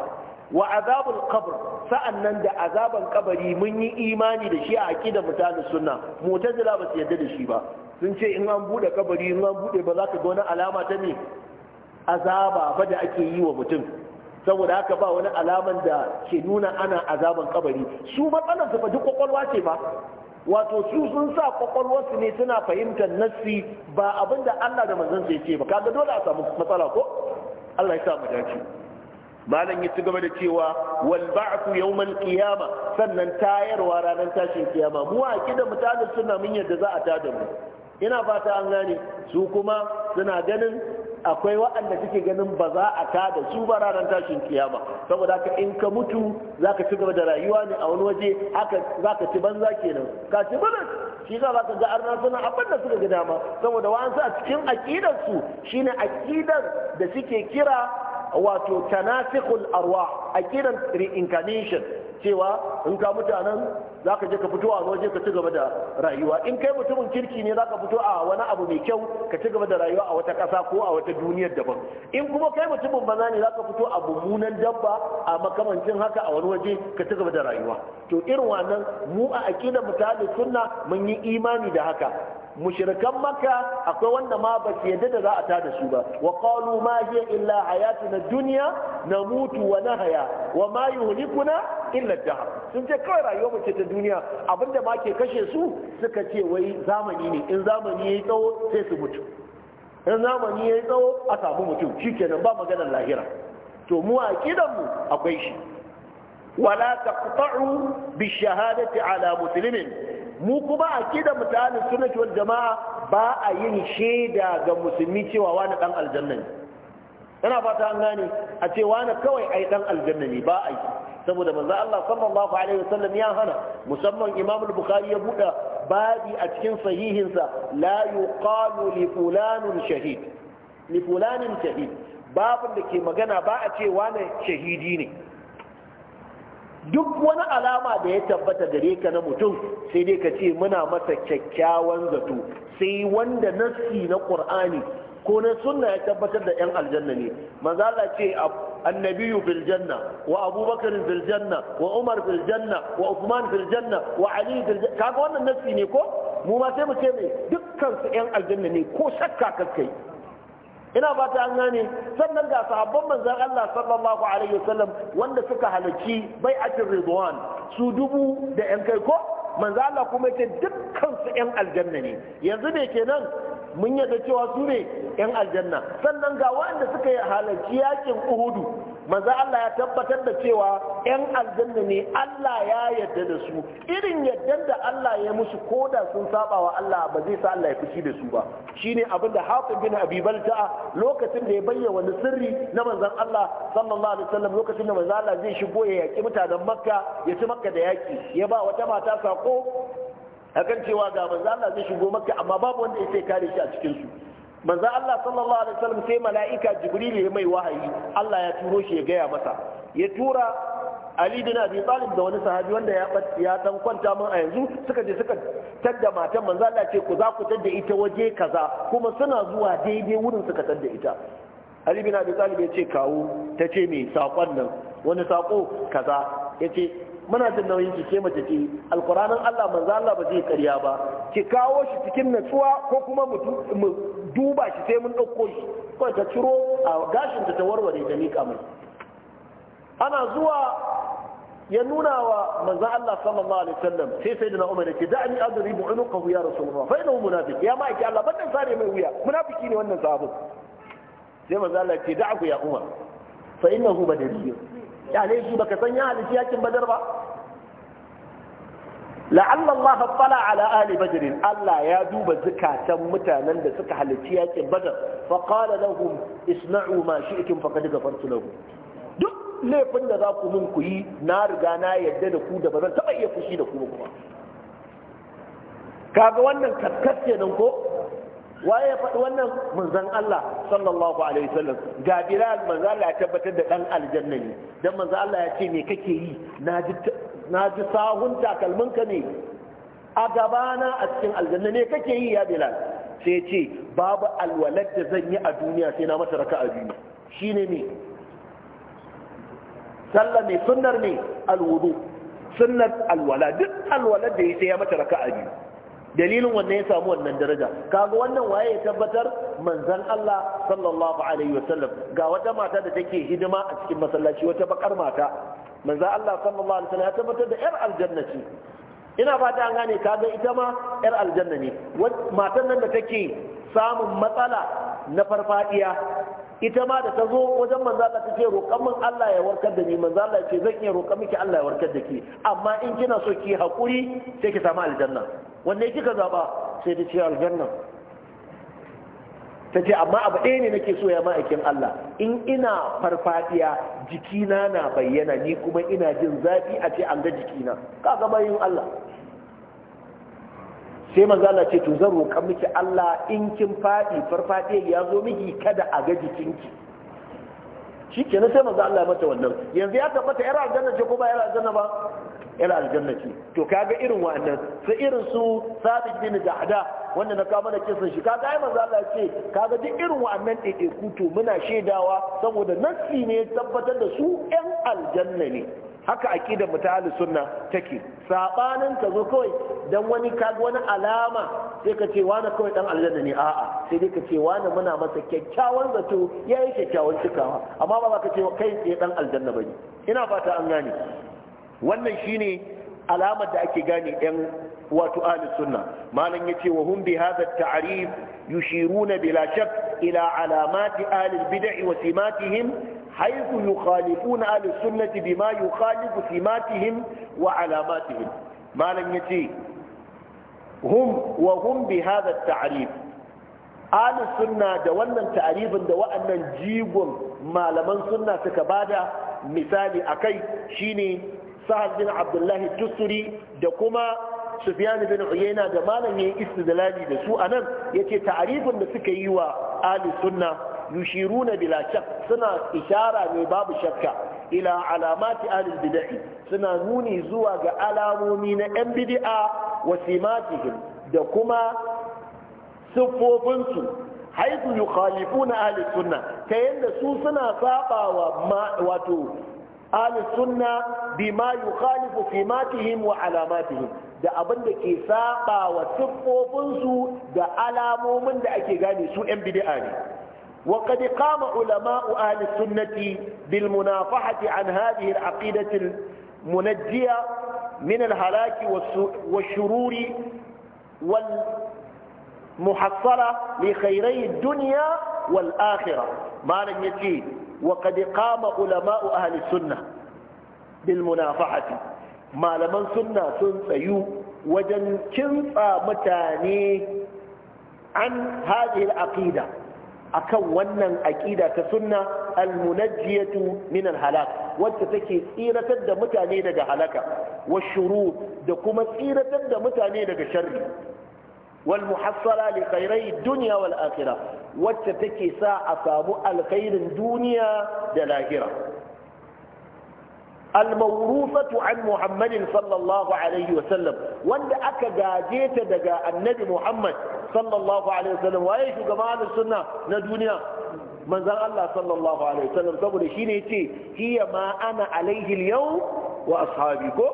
A: wa azabul qabr sa'annan da azaban kabari mun yi imani da shi a aqida mutane sunna mu'tazila ba su yadda da shi ba sun ce in an bude kabari in an bude ba za ka ga wani alama ta ne azaba ba da ake yi wa mutum saboda haka ba wani alaman da ke nuna ana azaban kabari su matsalar su duk kwakwalwa ce ba wato su sun sa kwakwalwarsu ne suna fahimtar nassi ba abin da Allah da manzon sai ce ba kaga dole a samu matsala ko Allah ya sa mu dace malam ya ci gaba da cewa wal ba'thu yawmal qiyama sannan tayarwa ranar tashin kiyama mu a kidan mutalin suna mun yadda za a tada mu ina fata an gane su kuma suna ganin akwai waɗanda suke ganin ba za a ta da su ba ranar tashin kiyama saboda haka in ka mutu za ka ci gaba da rayuwa ne a wani waje haka za ka ci banza kenan ka ci bana shi za ka ga arna suna abin da suka ga ma saboda wa'ansu a cikin aƙidarsu shine aƙidar da suke kira wato tanasikul arwa aƙidar reincarnation cewa in ka mutanen za ka je ka fito a waje ka ci gaba da rayuwa in kai mutumin kirki ne za ka fito a wani abu mai kyau ka ci gaba da rayuwa a wata ƙasa ko a wata duniya daban in kuma kai mutumin banza ne za ka fito a mummunan dabba a makamancin haka a wani waje ka ci gaba da rayuwa to irin wannan mu a aƙidar mutane mun yi imani da haka Mushirikan makka akwai wanda ma ba su yadda da za a tada su ba wa qalu ma hiya illa hayatuna dunya namutu wa nahya wa ma yuhlikuna illa dahr sun ce kawai rayuwar mu ce ta duniya abinda ma ke kashe su suka ce wai zamani ne in zamani yayi tsawo sai su mutu in zamani yayi tsawo a samu mutum shikenan ba maganar lahira to mu a mu akwai shi wala taqta'u bi shahadati ala muslimin mu kuma akida mu ta suna wal jama'a ba a yin shaida ga musulmi cewa wani dan aljanna ne yana fata an gane a ce wani kawai ai dan aljanna ne ba a yi saboda manzo Allah sallallahu alaihi wasallam ya hana musamman Imam al-Bukhari ya buɗa babi a cikin sahihinsa la yuqalu li shahid li fulanin shahid babin da ke magana ba a ce wani shahidi ne duk wani alama da ya tabbata gare ka na mutum sai dai ka ce muna masa kyakkyawan zato sai wanda nassi na qur'ani ko na sunna ya tabbatar da yan aljanna ne manzo Allah ce annabiyu fil janna wa abubakar fil janna wa umar fil janna wa usman fil janna wa ali fil janna kaga wannan nassi ne ko mu ma sai mu ce mai dukkan su yan aljanna ne ko shakka kai. ina ba ta an gane sannan ga sahabban manzan Allah sallallahu alaihi wasallam wanda suka halarci bai bai'atul ridwan su dubu da yan kai ko manzan Allah kuma yake dukkan su yan aljanna ne yanzu ne kenan mun yadda cewa su ne yan aljanna sannan ga wanda suka halarci yakin uhudu manzo Allah ya tabbatar da cewa yan aljanna ne Allah ya yarda da su irin yadda da Allah ya musu ko da sun saba wa Allah ba zai sa Allah ya fushi da su ba shine abin da Hafiz bin Abi Balta'a lokacin da ya bayyana wani sirri na manzon Allah sallallahu alaihi wasallam lokacin da manzo Allah zai shigo ya yaki mutanen Makka ya ci Makka da yaki ya ba wata mata sako akan cewa ga manzo Allah zai shigo Makka amma babu wanda ya kare shi a cikin su manzo Allah sallallahu alaihi wasallam sai mala'ika jibril ya mai wahayi Allah ya turo shi ya gaya masa ya tura Ali bin Abi Talib da wani sahabi wanda ya ya dan kwanta mun a yanzu suka je suka tadda matan manzo Allah ce ku za ku tadda ita waje kaza kuma suna zuwa daidai wurin suka tadda ita Ali bin Abi Talib ya ce kawo ta ce me sakon nan wani sako kaza ya ce muna jin nauyin ki ce mace ce alquranin Allah manzo Allah ba zai karya ba ki kawo shi cikin natsuwa ko kuma mu duba shi sai mun ɗauko shi kawai ta ciro a gashinta ta warware ta miƙa mai ana zuwa ya nuna wa manzo Allah sallallahu alaihi wasallam sai sai da Umar yake da'ani adribu unuqahu ya rasulullah fa innahu munafiq ya ma yake Allah bannan sare mai wuya munafiki ne wannan sahabu sai manzo Allah yake da'aku ya Umar fa innahu badariyyu ya ne shi baka san ya halici yakin badar ba la'alla Allah tala ala ali badr Allah ya duba zukatan mutanen da suka halici yakin badar fa qala lahum isma'u ma shi'tum faqad ghafartu lahum duk laifin da za ku mun ku yi na riga na yadda da ku da ba zan taba iya fushi da ku kuma kaga wannan kaskas kenan ko waye ya faɗi wannan manzon Allah sallallahu alaihi wasallam ga Bilal manzon Allah ya tabbatar da dan aljanna ne dan manzon Allah ya ce me kake yi na ji na ji sahun takalminka ne a gabana a cikin aljanna ne kake yi ya bilal sai ce babu alwalad da zan yi a duniya sai na masa raka a biyu shine ne sallah ne sunnar ne alwudu sunnar alwala duk alwalad da ya sai ya masa raka a biyu dalilin wannan ya samu wannan daraja kaga wannan waye ya tabbatar manzon Allah sallallahu alaihi wasallam ga wata mata da take hidima a cikin masallaci wata bakar mata manzo Allah sallallahu alaihi wasallam ya tabbatar da yar aljanna ce ina fata an gane kaga ita ma yar aljanna ne matan nan da take samun matsala na farfadiya ita ma da ta zo wajen manzo Allah ta ce min Allah ya warkar da ni manzo Allah ya ce zan iya roƙa miki Allah ya warkar da ki amma in kina so ki haƙuri sai ki samu aljanna wanne kika zaba sai ta ce aljanna ta ce amma abu ɗaya ne nake so ya ma'aikin Allah in ina farfadiya jikina na bayyana ni kuma ina jin zafi a ce an ga jikina kaga bayin Allah sai manzo Allah ce to zan roƙa miki Allah in kin faɗi farfadiya ya zo miki kada a ga jikinki shikenan sai manzo Allah ya mata wannan yanzu ya tabbata yar aljanna ce ko ba yara aljanna ba ila ce to kaga irin wa'annan sai irin su sabit bin jahda wanda na kawo mana kisan shi kaga ai manzo Allah ce kaga duk irin wa'annan dede kuto muna shaidawa saboda nassi ne tabbatar da su ɗan aljanna ne haka aqidar mu ta sunna take sabanin ka zo kawai dan wani kaga wani alama sai ka ce wani kawai dan aljanna ne a'a sai dai ka ce wani muna masa kyakkyawan zato yayi kyakkyawan cikawa amma ba ka ce kai tsaye dan aljanna bane ina fata an gane wannan shine alamar da ake gane yan wato ahlus sunna malam yace wa hum bi hadha at-ta'rif yushiruna bila shak ila alamati ahlul bid'i wa simatihim حيث يخالفون أهل السنة بما يخالف سماتهم وعلاماتهم ما لن يتي هم وهم بهذا التعريف ahlus sunna da wannan ta'arifin da wa'annan jigon malaman sunna suka bada misali akai shine sahal bin abdullahi tusuri da kuma sufyan bin uyayna da malam yayin istidlali da su anan yace ta'arifin da suka yi wa ahli sunna yushiruna bila shak suna ishara ne babu shakka ila alamati ahli bid'ah suna nuni zuwa ga alamomi na yan bid'a wa simatihim da kuma siffofinsu haitu yukhalifuna ahli sunna ta yanda su suna saba wa wato أهل السنة بما يخالف سماتهم وعلاماتهم da abin da ke saba wa siffofinsu da alamomin da ake gane su 'yan bid'a ne وقد قام علماء أهل السنة بالمنافحة عن هذه العقيدة المنجية من الهلاك والشرور والمحصلة لخيري الدنيا والآخرة ما لم يتيه وقد قام علماء أهل السنة malaman ما sun tsayu wajen وجن mutane متاني عن هذه العقيدة akan wannan aƙida ta sunna almunajjiyatu min alhalak wacce take tsiratar da mutane daga halaka wa shuru da kuma tsiratar da mutane daga sharri wal muhassala li khairai dunya wal akhirah wacce take sa a samu alkhairin duniya da lahira الموروثة عن محمد صلى الله عليه وسلم وان اكا جاجيت دقا النبي محمد صلى الله عليه وسلم وايش جماعة السنة نا دنيا من ذا الله صلى الله عليه وسلم تقول شيني هي ما انا عليه اليوم واصحابي كو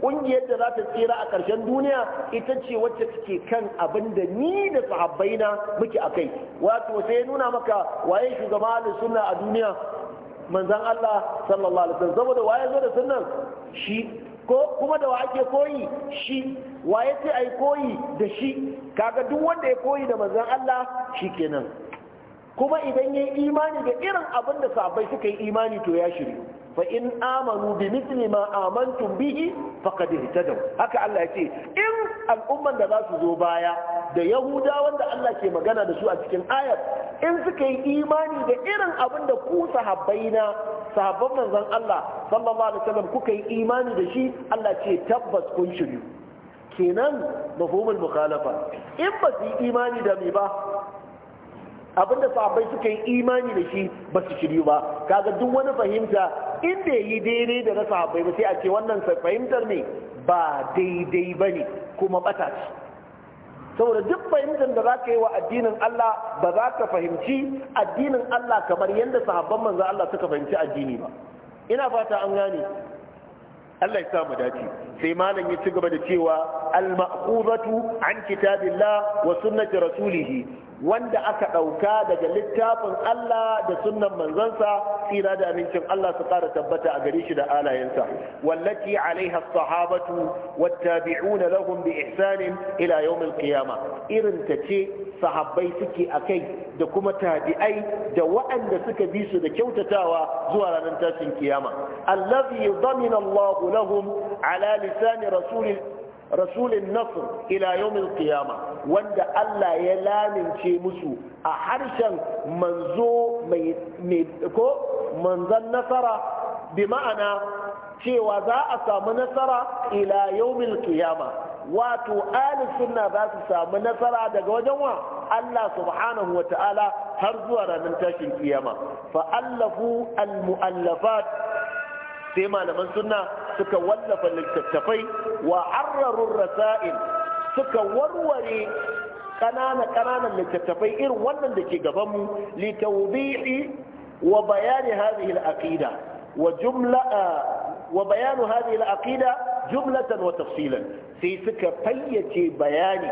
A: ƙungiyar da za ta tsira a ƙarshen duniya ita ce wacce take kan abin da ni da sahabbaina muke a kai wato sai nuna maka waye shugaba da sunna a duniya manzon Allah sallallahu alaihi wasallam saboda waye zo da sunnan shi ko kuma da wa ake koyi shi waye sai ai koyi da shi kaga duk wanda ya koyi da manzon Allah shi kenan. kuma idan yayi imani da irin abin da sahabbai suka yi imani to ya shiryu fa in amanu bi mithli ma amantum bihi faqad ihtadaw haka Allah ya ce in al'umman da za su zo baya da yahuda wanda Allah ke magana da su a cikin ayat in suka yi imani da irin abin da ku sahabbaina sahabban manzon Allah sallallahu alaihi wasallam kuka yi imani da shi Allah ce tabbas kun shiryu kenan mafhumul mukhalafa in ba su yi imani da me ba abinda sahabbai suka yi imani da shi ba su shiryu ba kaga duk wani fahimta in ya yi daidai da na sahabbai ba sai a ce wannan fahimtar ne ba daidai ba ne kuma bata ce saboda duk fahimtar da za ka yi wa addinin Allah ba za ka fahimci addinin Allah kamar yadda sahabban manzo Allah suka fahimci addini ba ina fata an gane Allah ya samu dace sai malam ya ci gaba da cewa al-ma'khudatu an kitabillah wa sunnati rasulih wanda aka ɗauka daga littafin Allah da sunnan manzansa tsira da amincin Allah su ƙara tabbata a gare shi da alayensa wallati alaiha sahabatu wattabi'una lahum bi ihsanin ila yawmil qiyama irin ta ce sahabbai suke akai da kuma tabi'ai da waɗanda suka bi su da kyautatawa zuwa ranar tashin kiyama allazi yudamina Allah lahum ala lisan rasulil rasulin nasr ila yawmin qiyama wanda Allah ya lamince musu a harshen manzo mai nasara bi cewa za a samu nasara ila yawmin ƙiyama, wato Ali sunna za su samu nasara daga wajen wa Allah subhanahu wa ta'ala har zuwa ranar tashin ƙiyama. fa allafu al mu'allafat sai malaman sunna suka wallafa littattafai wa arrarun rasa'il suka warware ƙananan littattafai irin wannan da ke gabanmu litawbi'i wa bayani hadhihi al-aqida wa jumla wa bayanu hadhihi al-aqida jumlatan wa tafsilan sai suka fayyace bayani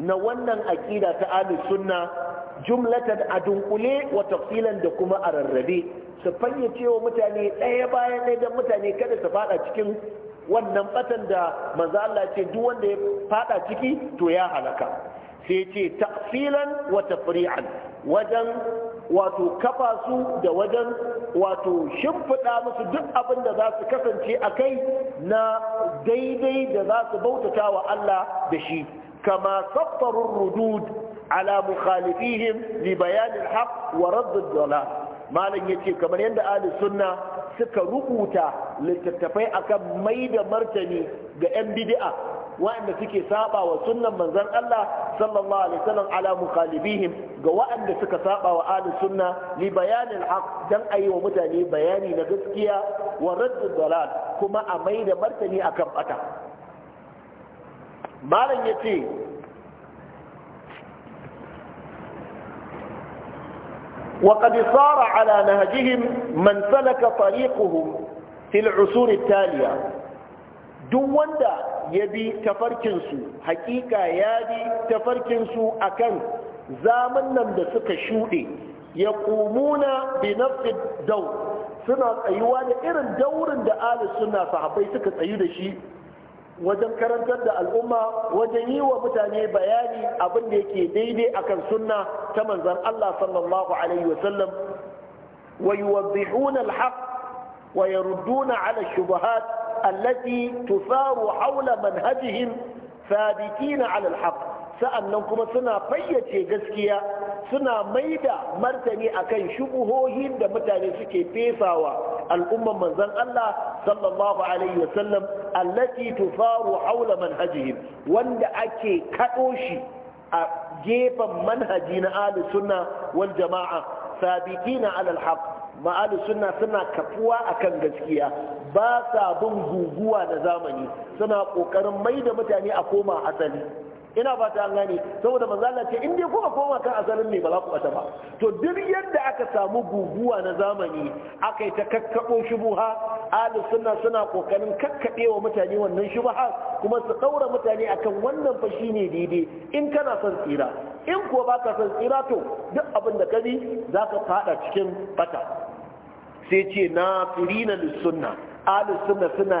A: na wannan aqida ta ahlus sunna jumlatan a dunkule wa tafsilan da kuma a rarrabe su fayyace wa mutane ɗaya bayan ɗaya don mutane kada su fada cikin wannan batan da manzo Allah ce duk wanda ya fada ciki to ya halaka sai ce tafsilan wa tafri'an wajen wato kafa su da wajen wato shimfiɗa musu duk abin da za su kasance a kai na daidai da za su bautata wa Allah da shi kama saffarun rudud ala mukhalifihim li bayanin haq wa radd dalal malam yace kamar yadda ahli sunna suka rubuta littattafai akan mai da martani ga yan bid'a wa'anda suke saba wa sunnan manzon Allah sallallahu alaihi wasallam ala mukhalifihim ga wa'anda suka saba wa ahli sunna li bayanil haqq dan ayi wa mutane bayani na gaskiya wa raddud dalal kuma a mai da martani akan bata malam yace وقد صار على نهجهم من سلك طريقهم في العصور duk wanda ya bi su haƙiƙa ya bi tafarkinsu akan zaman nan da suka shuɗe ya ƙumuna bi dau suna tsayuwa da irin daurin da alis suna sahabai suka tsayu da shi wajen karantar da al'umma wajen yi wa mutane bayani abin da yake daidai akan sunna ta manzan Allah sallallahu alaihi wasallam wa yuwaddihuna al wa yarudduna ala shubuhat allati tusaru hawla manhajihim thabitina ala alhaq sa'annan kuma suna fayyace gaskiya suna mai da martani akan shubuhohin da mutane suke fesawa al'umman manzon Allah sallallahu alaihi wasallam allati tufaru haula manhajihim wanda ake kaɗo shi a gefen manhaji na ahlus sunna wal jama'a sabiqina ala al-haq ma sunna suna kafuwa akan gaskiya ba sa bin guguwa na zamani suna kokarin da mutane a koma asali ina ba ta gane saboda manzo Allah ce in dai kuka koma kan asalin ne ba za ku bata ba to duk yadda aka samu guguwa na zamani aka yi ta kakkabo shubuha ahlus sunna suna kokarin kakkabewa mutane wannan shubuha kuma su daura mutane akan wannan fa shine daidai in kana son tsira in kuwa baka son tsira to duk abin da ka bi zaka fada cikin bata sai ce na firina lissunna ahlus sunna suna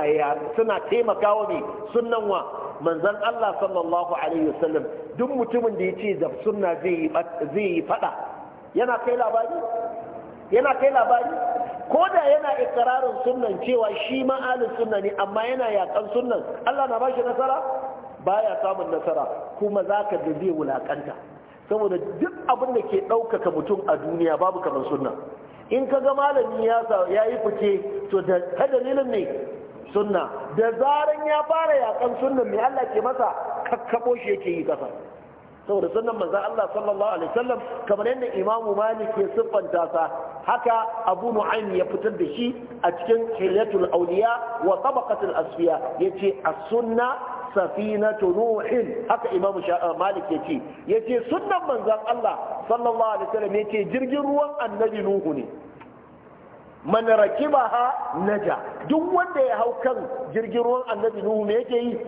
A: suna taimakawa ne sunnan wa manzon Allah sallallahu alaihi wasallam duk mutumin da yace da sunna zai zai fada yana kai labari yana kai labari ko da yana ikrarin sunnan cewa shi ma ahlus sunna ne amma yana yakan sunnan Allah na bashi nasara baya samun nasara kuma zaka da zai wulakanta saboda duk abin da ke ɗaukaka mutum a duniya babu kamar sunna in ka ga malami ya yi fice to ta dalilin ne sunna da zaran ya fara yakan sunnan mai Allah ke masa kakkabo shi yake yi kasa saboda sunan manzon Allah sallallahu alaihi wasallam kamar yadda Imam Malik ya siffanta sa haka Abu Nu'aym ya fitar da shi a cikin Hilyatul auliya wa Tabaqatul Asfiya ce a sunna safinatu nuhin haka imamu eh, malik ya ce ya ce sunan manzan Allah sallallahu alaihi wasallam ya jirgin ruwan annabi nuhu ne man rakibaha naja duk wanda ya hau kan jirgin ruwan annabi nuhu me yake yi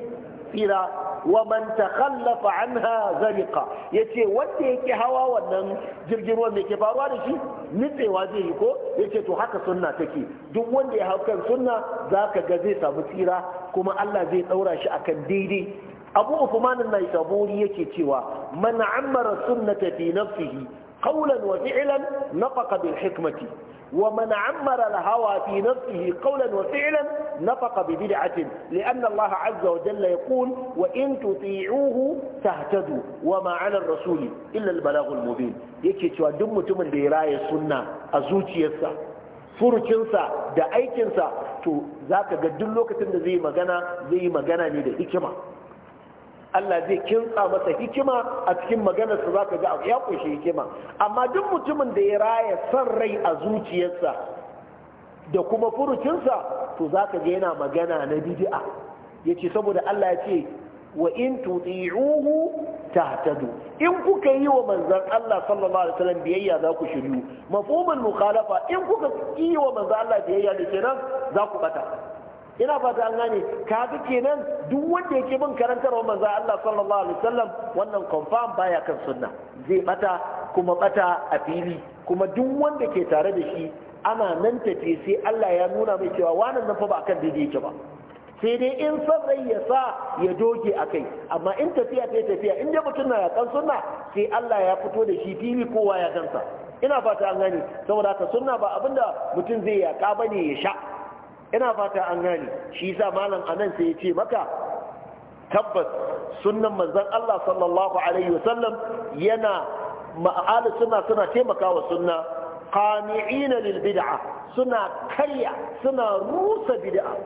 A: tsira wa man takhallafa anha zariqa yace wanda yake hawa wannan jirgin ruwa mai ke faruwa da shi nitsewa zai yi ko ya ce to haka sunna take duk wanda ya haukan kan za ka ga zai samu tsira kuma Allah zai ɗaura shi a kan daidai abu ufuman an-naisaburi yake cewa man ammara sunnata fi nafsihi qawlan wa fi'lan nafaqa bil hikmati ومن عمر الهوى في نفسه قولا وفعلا نطق ببدعة لأن الله عز وجل يقول وإن تطيعوه تهتدوا وما على الرسول إلا البلاغ المبين yake cewa duk mutumin da ya raye sunna a zuciyarsa furucinsa da aikinsa to za ka ga duk lokacin da zai magana zai yi magana ne da hikima Allah zai kinsa masa hikima a cikin maganarsa za ka ga ya kunshi hikima amma duk mutumin da ya raya son rai a zuciyarsa da kuma furucinsa to za ka ga yana magana na bid'a ya ce saboda Allah ya ce wa in tuti'uhu tahtadu in kuka yi wa manzon Allah sallallahu alaihi wasallam biyayya za ku shiryu mafhumul mukhalafa in kuka yi wa manzon Allah biyayya da kenan za ku bata ina fata an gane kaga kenan duk wanda yake bin karantarwar manzo Allah sallallahu alaihi wasallam wannan confirm baya kan sunna zai bata kuma bata a fili kuma duk wanda ke tare da shi ana nan tafi sai Allah ya nuna mai cewa wannan nan fa ba kan daidai yake ba sai dai in son ya sa ya doge a kai amma in tafiya ta tafiya in da mutum na yakan sunna sai Allah ya fito da shi fili kowa ya gansa ina fata an gane saboda haka sunna ba abinda mutum zai yaka bane ya sha ina fata an gani shi za malam anan sai ya ce maka tabbas sunan manzon Allah sallallahu alaihi wasallam yana ma'alu suna suna taimakawa sunna qani'ina lil bid'a suna karya suna rusa bid'a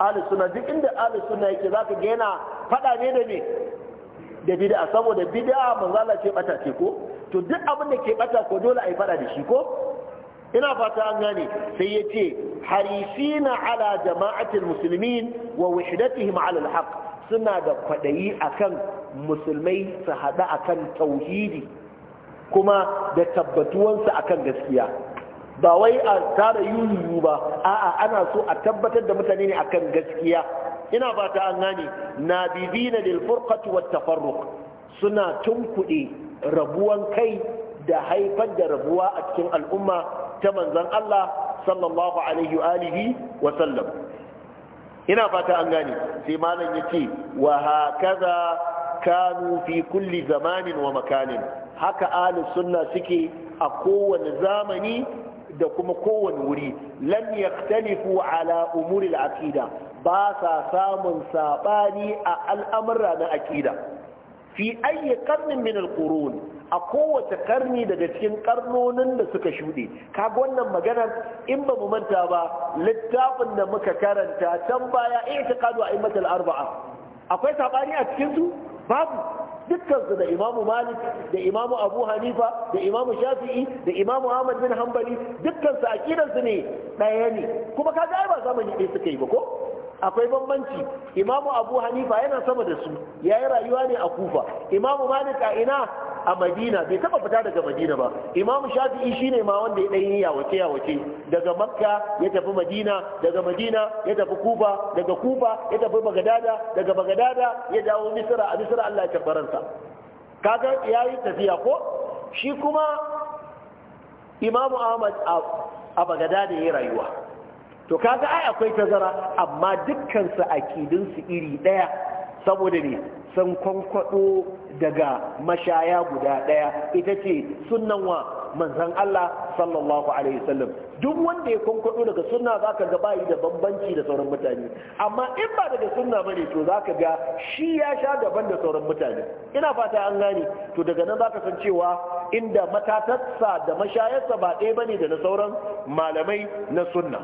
A: ahli suna duk inda ahli suna yake zaka ga yana fada ne da ne da bid'a saboda bid'a manzala ce bata ce ko to duk abin da ke bata ko dole a yi fada da shi ko ina fata an gane sai ya ce na ala jama'atul musulmin wa wahdatihim ala alhaq suna da kwadayi akan musulmai su hada akan tauhidi kuma da tabbatuwansu akan gaskiya ba wai a tara yuyu ba a'a ana so a tabbatar da mutane ne akan gaskiya ina fata an gane nabidina lil furqati wat tafarruq suna tunkuɗe rabuwan kai da haifar da rabuwa a cikin al'umma ta manzan Allah sallallahu alaihi wa alihi wa sallam ina fata an gane sai malam yace wa hakaza kanu fi kulli zamanin wa makanin haka ahlus sunna suke a kowane zamani da kuma kowane wuri lam yaktalifu ala umurin aqida ba sa samun sabani a al'amura na aqida fi ayyi qarnin min al-qurun a kowace karni daga cikin karnonin da suka shuɗe kaga wannan maganar in ba mu manta ba littafin da muka karanta can baya in a a'immatul arba'a akwai sabani a cikin su babu dukkan su da imamu malik da imamu abu hanifa da imamu shafi'i da imamu ahmad bin hanbali dukkan su aqidan su ne ɗaya ne kuma kaga ai ba zamani ɗaya suka yi ba ko akwai bambanci imamu abu hanifa yana sama da su ya yi rayuwa ne a kufa imamu malik a ina a madina bai taba fita daga madina ba imamu shafi'i shine ma wanda ya ɗanyi yawace yawace daga makka ya tafi madina daga madina ya tafi kufa daga kufa ya tafi bagadada daga bagadada ya dawo misira a misira allah ya tabbaransa kaga ya yi tafiya ko shi kuma imamu ahmad a bagadada ya yi rayuwa to kaga ai akwai tazara amma dukkan su su iri ɗaya? saboda ne sun kwankwado daga mashaya guda ɗaya ita ce sunnan wa manzon Allah sallallahu alaihi wasallam duk wanda ya kwankwado daga sunna zaka ga bai da bambanci da sauran mutane amma in ba daga sunna bane to zaka ga shi ya sha gaban da sauran mutane ina fata an gane to daga nan zaka san cewa inda matatarsa da mashayarsa ba ɗaya bane da na sauran malamai na sunna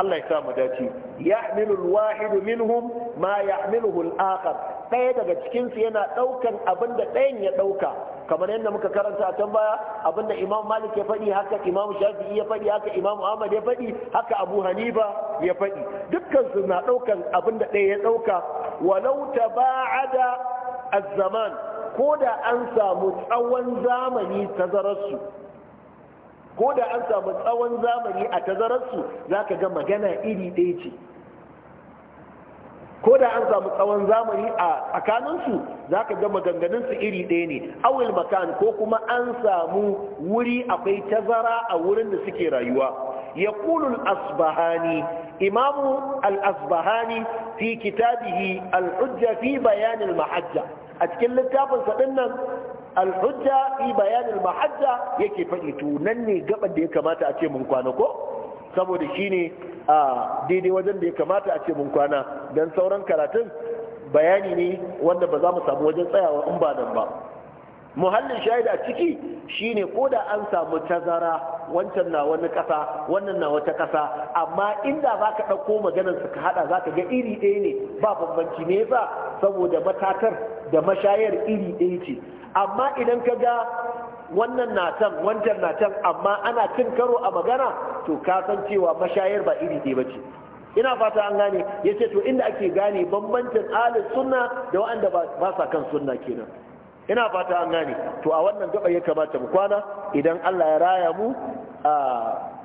A: Allah ya sa mu dace yahmilu alwahidu minhum ma yahmiluhu al-akhar ɗaya daga cikin su yana ɗaukan abin da ɗayan ya ɗauka kamar yadda muka karanta a can baya abin da Imam Malik ya faɗi haka Imam Shafi'i ya faɗi haka Imam Ahmad ya faɗi haka Abu Hanifa ya faɗi dukkan su na ɗaukan abin da ɗaya ya ɗauka walau taba'ada az-zaman ko da an samu tsawon zamani tazararsu ko da an samu tsawon zamani a tazararsu za ka ga magana iri ɗaya ce ko da an samu tsawon zamani a tsakaninsu za ka ga maganganunsu iri ɗaya ne awil makan ko kuma an samu wuri akwai tazara a wurin da suke rayuwa ya asbahani imamu al-asbahani fi kitabihi al fi bayanin mahajja a cikin littafinsa ɗinnan. nan alhujja fi bayan mahajja yake faɗi to nan ne gaban da ya kamata a ce mun kwana ko saboda shine a daidai wajen da ya kamata a ce mun kwana dan sauran karatun bayani ne wanda ba za mu samu wajen tsayawa in ba nan ba muhallin shaida ciki shine ko da an samu tazara wancan na wani kasa wannan na wata kasa amma inda za ka ɗauko maganar ka hada za ka ga iri ɗaya ne ba bambanci ne ba saboda matakar da mashayar iri ɗaya ce amma idan ka ga wannan na can wancan na can amma ana cin karo a magana to ka san cewa mashayar ba iri ɗaya ce. ina fata an gane ya ce to inda ake gane bambancin alis sunna da wa'anda ba sa kan sunna kenan ina fata an gane to a wannan gaba ya kamata mu kwana idan Allah ya raya mu a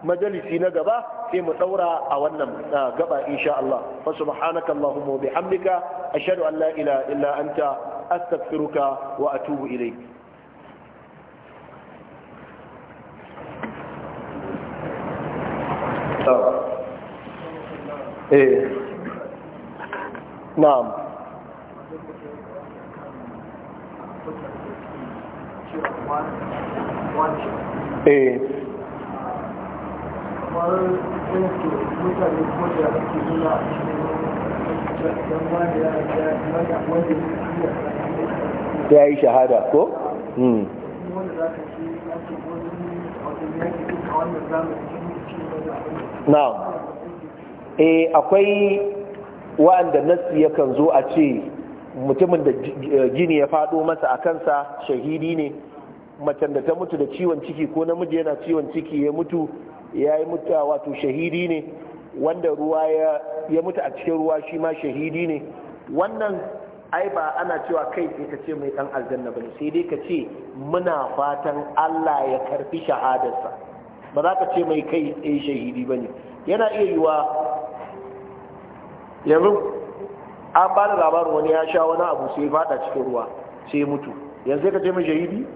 A: majalisi na gaba sai mu daura a wannan gaba insha Allah wasu subhanakallahumma wa bihamdika ashhadu an la ilaha illa anta astaghfiruka wa atubu ilayk eh na'am eh Ta yi shahada ko? Hmm. na'am eh akwai wa'anda nassi yakan zo a ce mutumin da eh, gini ya faɗo masa a kansa shahidi ne macen da ta mutu da ciwon ciki ko namiji yana ciwon ciki ya mutu ya yi mutuwa wato shahidi ne wanda ruwa ya mutu a cikin ruwa shi ma shahidi ne wannan ai ba ana cewa kai sai ka ce mai dan aljanna bane sai dai ka ce muna fatan Allah ya karbi shahadarsa ba za ka ce mai kai tsaye shahidi bane yana iya yiwa yanzu an ba da labarin wani ya sha wani abu sai fada cikin ruwa sai ya mutu yanzu ka ce mai shahidi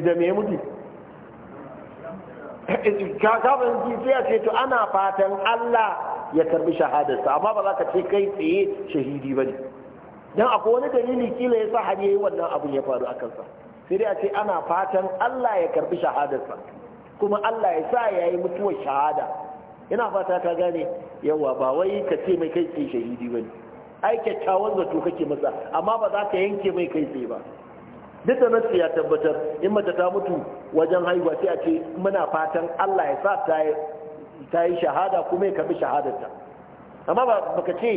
A: da me ya mutu ka kafin sai a ce to ana fatan Allah ya karbi shahadarsa amma ba za ka ce kai tsaye shahidi bane dan akwai wani dalili kila ya sa har yayi wannan abun ya faru a kansa sai dai a ce ana fatan Allah ya karbi shahadarsa kuma Allah ya sa yayi mutuwar shahada ina fata ka gane yawa ba wai ka ce mai kai ke shahidi bane ai kyakkyawan zato kake masa amma ba za ka yanke mai kai ba duk da nasu ya tabbatar in mace ta mutu wajen haihuwa sai a ce muna fatan Allah ya sa ta yi shahada kuma ya karbi shahadarta amma ba ka ce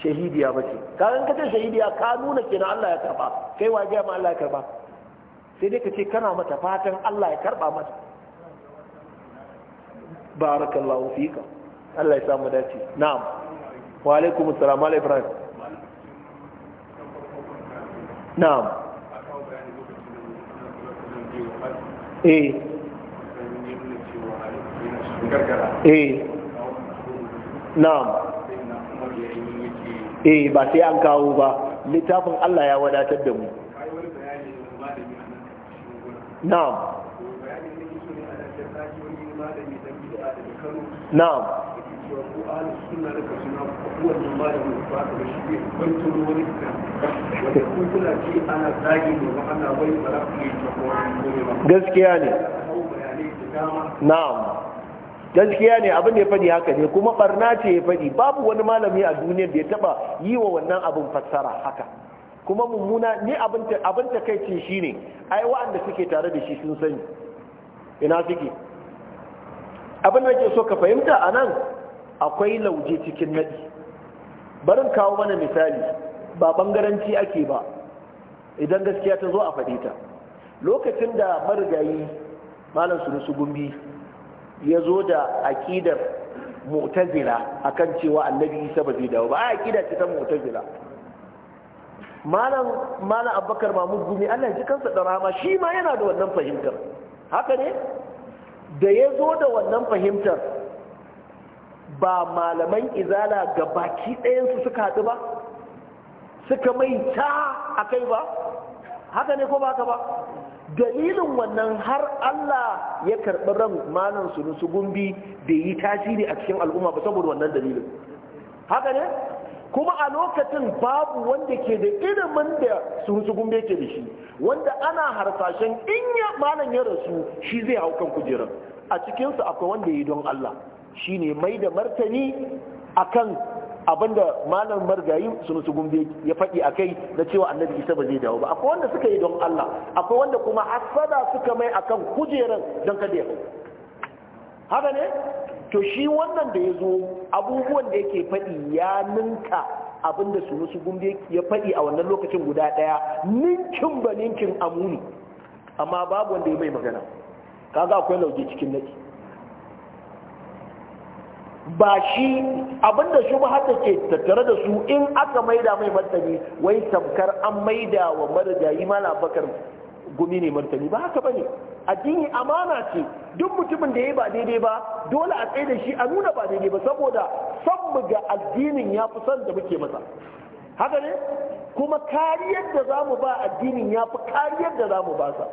A: shahidiya ba ce kayan ka ce shahidiya ka nuna kenan Allah ya karba kai wa gaya ma Allah ya karba sai dai ka ce kana mata fatan Allah ya karba mata barakallahu fika Allah ya samu dace na'am wa alaikum assalam ala ibrahim
B: na'am eh eh
A: na'am eh ba sai an kawo ba littafin Allah ya wadatar da mu
B: na'am na'am gaskiya ne
A: na'am gaskiya ne abin da ya faɗi haka ne kuma barna ce ya faɗi babu wani malami a duniyar da ya taɓa yi wa wannan abin fassara haka kuma mummuna ne abin takaici shi ne ai wa'anda suke tare da shi sun sani ina suke abin da ke so ka fahimta a nan akwai lauje cikin naɗi barin kawo mana misali ba ɓangaranci ake ba idan gaskiya ta zo a faɗi ta lokacin da marigayi malam su gumbi ya zo da akidar mu'tazila akan cewa annabi isa ba zai dawo ba a akida ce ta mu'tazila malam malam abubakar mahmud gumi allah ji kansa da rama shi ma yana da wannan fahimtar haka ne da ya zo da wannan fahimtar ba malaman izala ga baki ɗayansu suka haɗu ba suka mai ta a kai ba haka ne ko ba ka ba dalilin wannan har Allah ya karɓi ran malam sunusu gumbi da yi tasiri a cikin al'umma ba saboda wannan dalilin haka ne kuma a lokacin babu wanda ke da ilimin da su sunusu gumbi ke da shi wanda ana harsashen in ya malam ya rasu shi zai hau kan kujerar a cikinsu akwai wanda ya yi don Allah shi ne mai da martani akan abinda malam margayi sun su gumbe ya faɗi a kai na cewa annabi isa ba zai dawo ba akwai wanda suka yi don Allah akwai wanda kuma hasada suka mai akan kujeran don kada ya haka ne to shi wannan da ya zo abubuwan da yake faɗi ya ninka abinda su gumbe ya faɗi a wannan lokacin guda ɗaya ninkin ba ninkin amuni amma babu wanda ya mai magana kaga akwai lauje cikin naki ba shi abinda ba haka ke tattare da su in aka maida mai martani wai tamkar an maida wa marigayi mana bakar gumi ne martani ba haka bane addini amana ce duk mutumin da ya yi ba daidai ba dole a tsaye da shi a nuna ba daidai ba saboda san mu ga addinin ya fi son da muke masa haka ne kuma kariyar da za mu ba addinin ya fi kariyar da za mu ba sa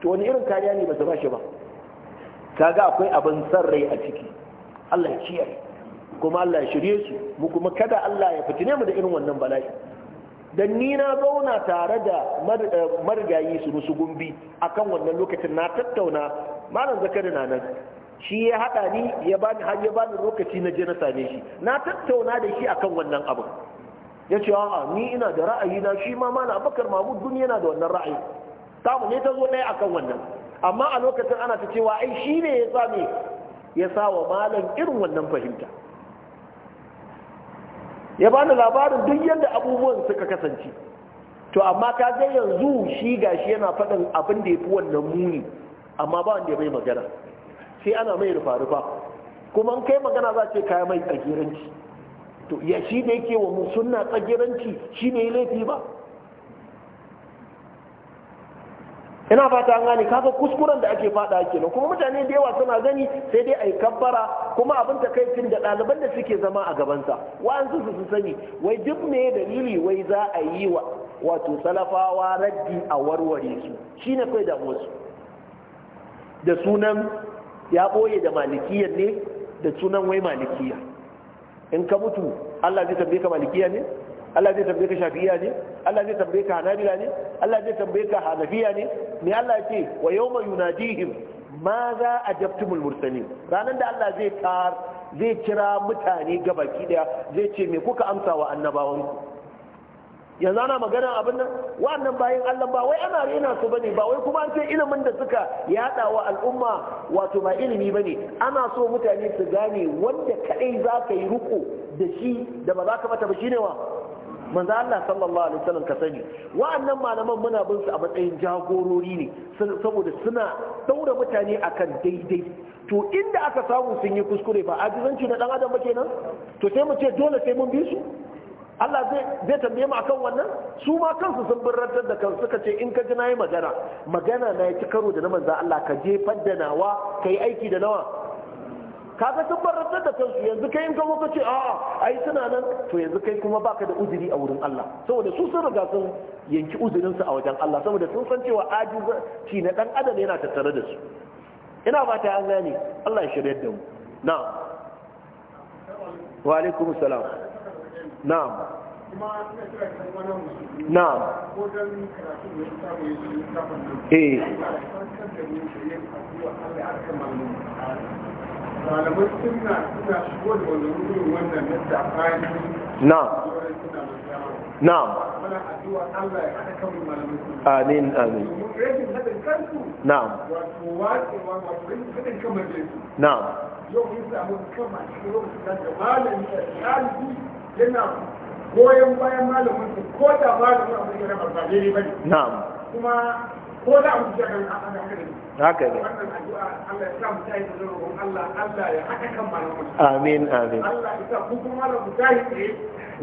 A: to wani irin kariya ne ba ta ba shi ba kaga akwai abin san rai a ciki Allah ya ciyar, kuma Allah ya shirye su mu kuma kada Allah ya fitine mu da irin wannan bala'i dan ni na zauna tare da eh, marigayi su musu gumbi akan wannan lokacin na tattauna malam zakari na nan shi ya hada ni ya bani har ya bani lokaci na je na same shi na tattauna da shi akan wannan abu ya ce a'a ni ina da ra'ayi na shi ma malam abakar mahmud dun yana da wannan ra'ayi mu ne ta zo ɗaya akan wannan amma a lokacin ana ta cewa ai shi ne ya sa ya sa wa malam irin wannan fahimta ya bani labarin duk yadda abubuwan suka kasance to amma ka ga yanzu shi gashi yana faɗin abin da ya fi wannan muni amma ba wanda ya bai magana sai ana mai rufa-rufa kuma kai magana za ce kaya mai tsagiranci to ya shi da yake wa musunna tsagiranci shi ne laifi ba ina fata an gane kaga kuskuren da ake fada ake kuma mutane da yawa suna gani sai dai ai kabbara kuma abin takaicin da ɗaliban da suke zama a gabansa wa'ansu su su sani wai duk me dalili wai za a yi wa wato salafawa raddi a warware su shine kai da wasu da sunan ya ɓoye da malikiyar ne da sunan wai malikiya in ka mutu Allah zai tambaye ka malikiya ne Allah zai tambaye ka shafi'iya ne Allah zai tambaye ka hanabila ne Allah zai tambaye ka hanafiya ne me Allah ya ce wa yawma yunadihim ma za ajabtumul mursalin ranan da Allah zai tar zai kira mutane gabaki daya zai ce me kuka amsa wa annabawanku yanzu ana magana abin nan wa'annan bayan Allah ba wai ana rena su bane ba wai kuma an ce ilimin da suka yada wa al'umma wato ba ilimi bane ana so mutane su gane wanda kadai za ka yi riko da shi da ba za ka mata ba shine wa manzo Allah sallallahu alaihi wasallam ka sani wa'annan malaman muna bin su a matsayin jagorori ne saboda suna daura mutane akan daidai to inda aka samu sun yi kuskure ba ajizanci na dan adam ba kenan to sai mu ce dole sai mun bi su Allah zai tambaye mu akan wannan su ma kansu sun birrantar da kansu suka ce in ka ji nayi magana magana na ya ci karo da na manzo Allah ka je nawa kai aiki da nawa kaga sun barantar da kansu yanzu kai in ka zo ce a'a ai suna nan to yanzu kai kuma baka da uzuri a wurin Allah saboda su sun riga sun yanki uzurin su a wajen Allah saboda sun san cewa ajuzi na dan adam yana tattare da su ina fata an gane Allah ya shirye da mu na'am wa alaikum salam na'am
B: Na. eh malaman suna suna shigo da wani wurin wannan na safani na na mana addu'a Allah ya haɗa kan malaman
A: amin amin
B: rashin haɗin kansu na wato watsewa wato rashin haɗin kan majalisu na yau mun samu kama cikin lokacin da malami da ɗalibi yana
A: goyon bayan malamin su ko da malamin abin yana ba daidai ba ne kuma ko za a kan haka ne amin amin Allah ya sa ku kuma malamu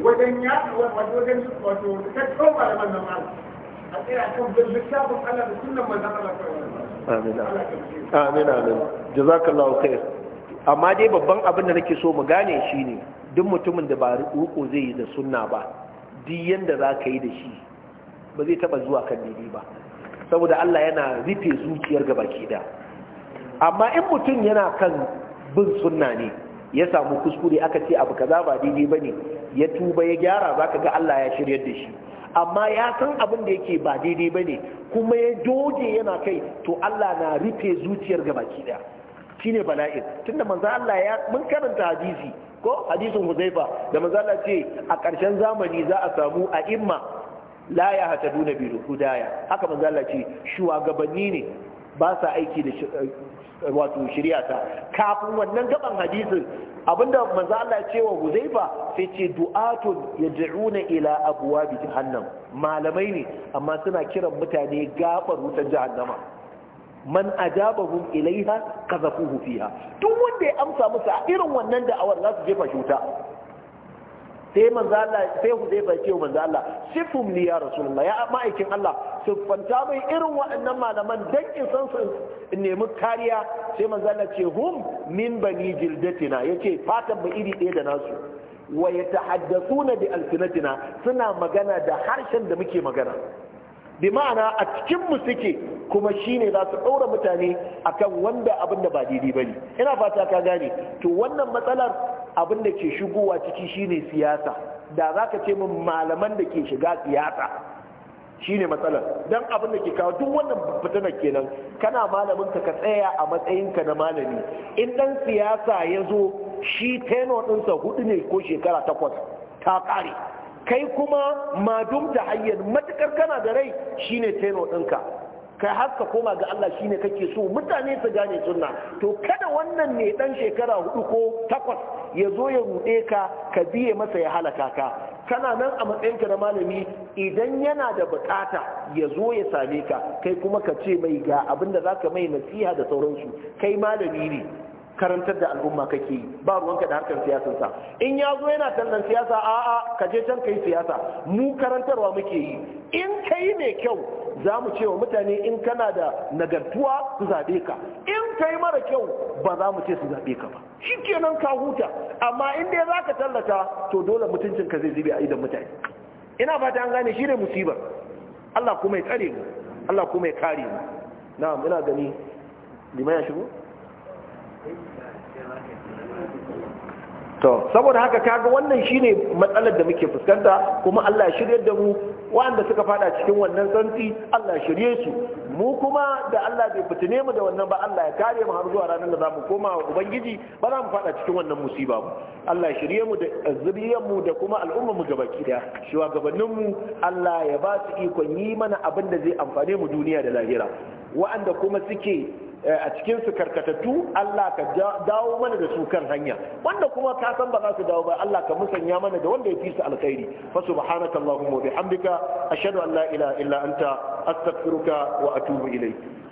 A: wajen ya wajen wato ta
B: da amin amin
A: jazakallahu khair amma dai babban abin da nake so mu gane shi ne, duk mutumin da ba ruko zai yi da sunna ba duk yanda za ka yi da shi ba zai taɓa zuwa kan daidai ba saboda Allah yana rufe zuciyar ga baki da amma in mutum yana kan bin sunna ne ya samu kuskure aka ce abu kaza ba daidai ba ne, ya tuba ya gyara za ka ga Allah ya shirya da shi amma ya san abin da yake ba daidai ba ne kuma ya doge yana kai to Allah na rufe zuciyar ga baki da ne bala'in tunda manzan Allah ya mun karanta hadisi ko hadisin Huzaifa da manzan Allah ce a ƙarshen zamani za a samu a'imma la ya hata duna bi hudaya haka manzo ce shugabanni ne ba sa aiki da eh, wato shari'a ta kafin wannan gaban hadisin abinda manzo Allah ce wa Huzaifa sai ce du'atun yad'una ila abwabi jahannam malamai ne amma suna kiran mutane gabar wutar jahannama man ajabahum ilaiha kazafuhu fiha duk wanda ya amsa musu a irin wannan da'awar za su jefa shi wuta sai manzo Allah sai Hudayba ya ce wa manzo Allah sifum li ya rasulullah ya ma'aikin Allah siffanta mai irin waɗannan malaman dan in san su in nemi kariya sai manzo Allah ce hum min bani jildatina yace fatan mu iri ɗaya da nasu wa yatahaddathuna bi alsinatina suna magana da harshen da muke magana bi ma'ana a cikin mu suke kuma shine za su ɗaura mutane akan wanda abin da ba daidai bane ina fata ka gane to wannan matsalar abin da ke shigowa ciki shine siyasa da za ka ce min malaman da ke shiga siyasa shine matsalar don abin da ke kawo duk wannan fitinar kenan kana malamin ka ka tsaya a matsayinka na malami in dan siyasa ya zo shi tenor ɗinsa hudu ne ko shekara takwas ta kare. kai kuma madum da hayyar matukar kana da rai shine teno ɗinka kai har ka koma ga Allah shine kake so mutane su gane sunna to kada wannan ne dan shekara hudu ko takwas ya zo ya rude ka ka biye masa ya halaka ka kana nan a matsayinka na malami idan yana da bukata ya zo ya same ka kai kuma ka ce mai ga abinda zaka mai nasiha da sauransu kai malami ne karantar da al'umma kake yi ba ruwanka da harkar siyasansa in ya zo yana tallan siyasa a'a ka je can ka yi siyasa mu karantarwa muke yi in ka yi mai kyau za mu ce wa mutane in kana da nagartuwa su zaɓe ka in ka yi mara kyau ba za mu ce su zaɓe ka ba shi kenan ka huta amma in dai za ka tallata to dole ka zai zube a idon mutane ina fata an gane shi ne musibar Allah kuma ya tsare mu Allah kuma ya kare mu na'am ina gani lima ya shigo to saboda haka kaga wannan shine matsalar da muke fuskanta kuma Allah shirye da mu wanda suka fada cikin wannan santi Allah shirye su mu kuma da Allah bai fitine mu da wannan ba Allah ya kare mu har zuwa ranar da zamu koma wa ubangiji ba za mu fada cikin wannan musiba ba Allah shirye mu da zuriyar mu da kuma al'ummar mu gabaki daya shugabannin mu Allah ya ba su ikon yi mana abin da zai amfane mu duniya da lahira wa'anda kuma suke Eh, a cikin su karkatattu Allah ka dawo mana da su kan hanya wanda kuma ka san ba za su dawo ba Allah ka musanya mana da wanda ya fi su alkhairi fa subhanakallahumma wa bihamdika ashhadu an la ilaha illa anta astaghfiruka wa atubu ilayk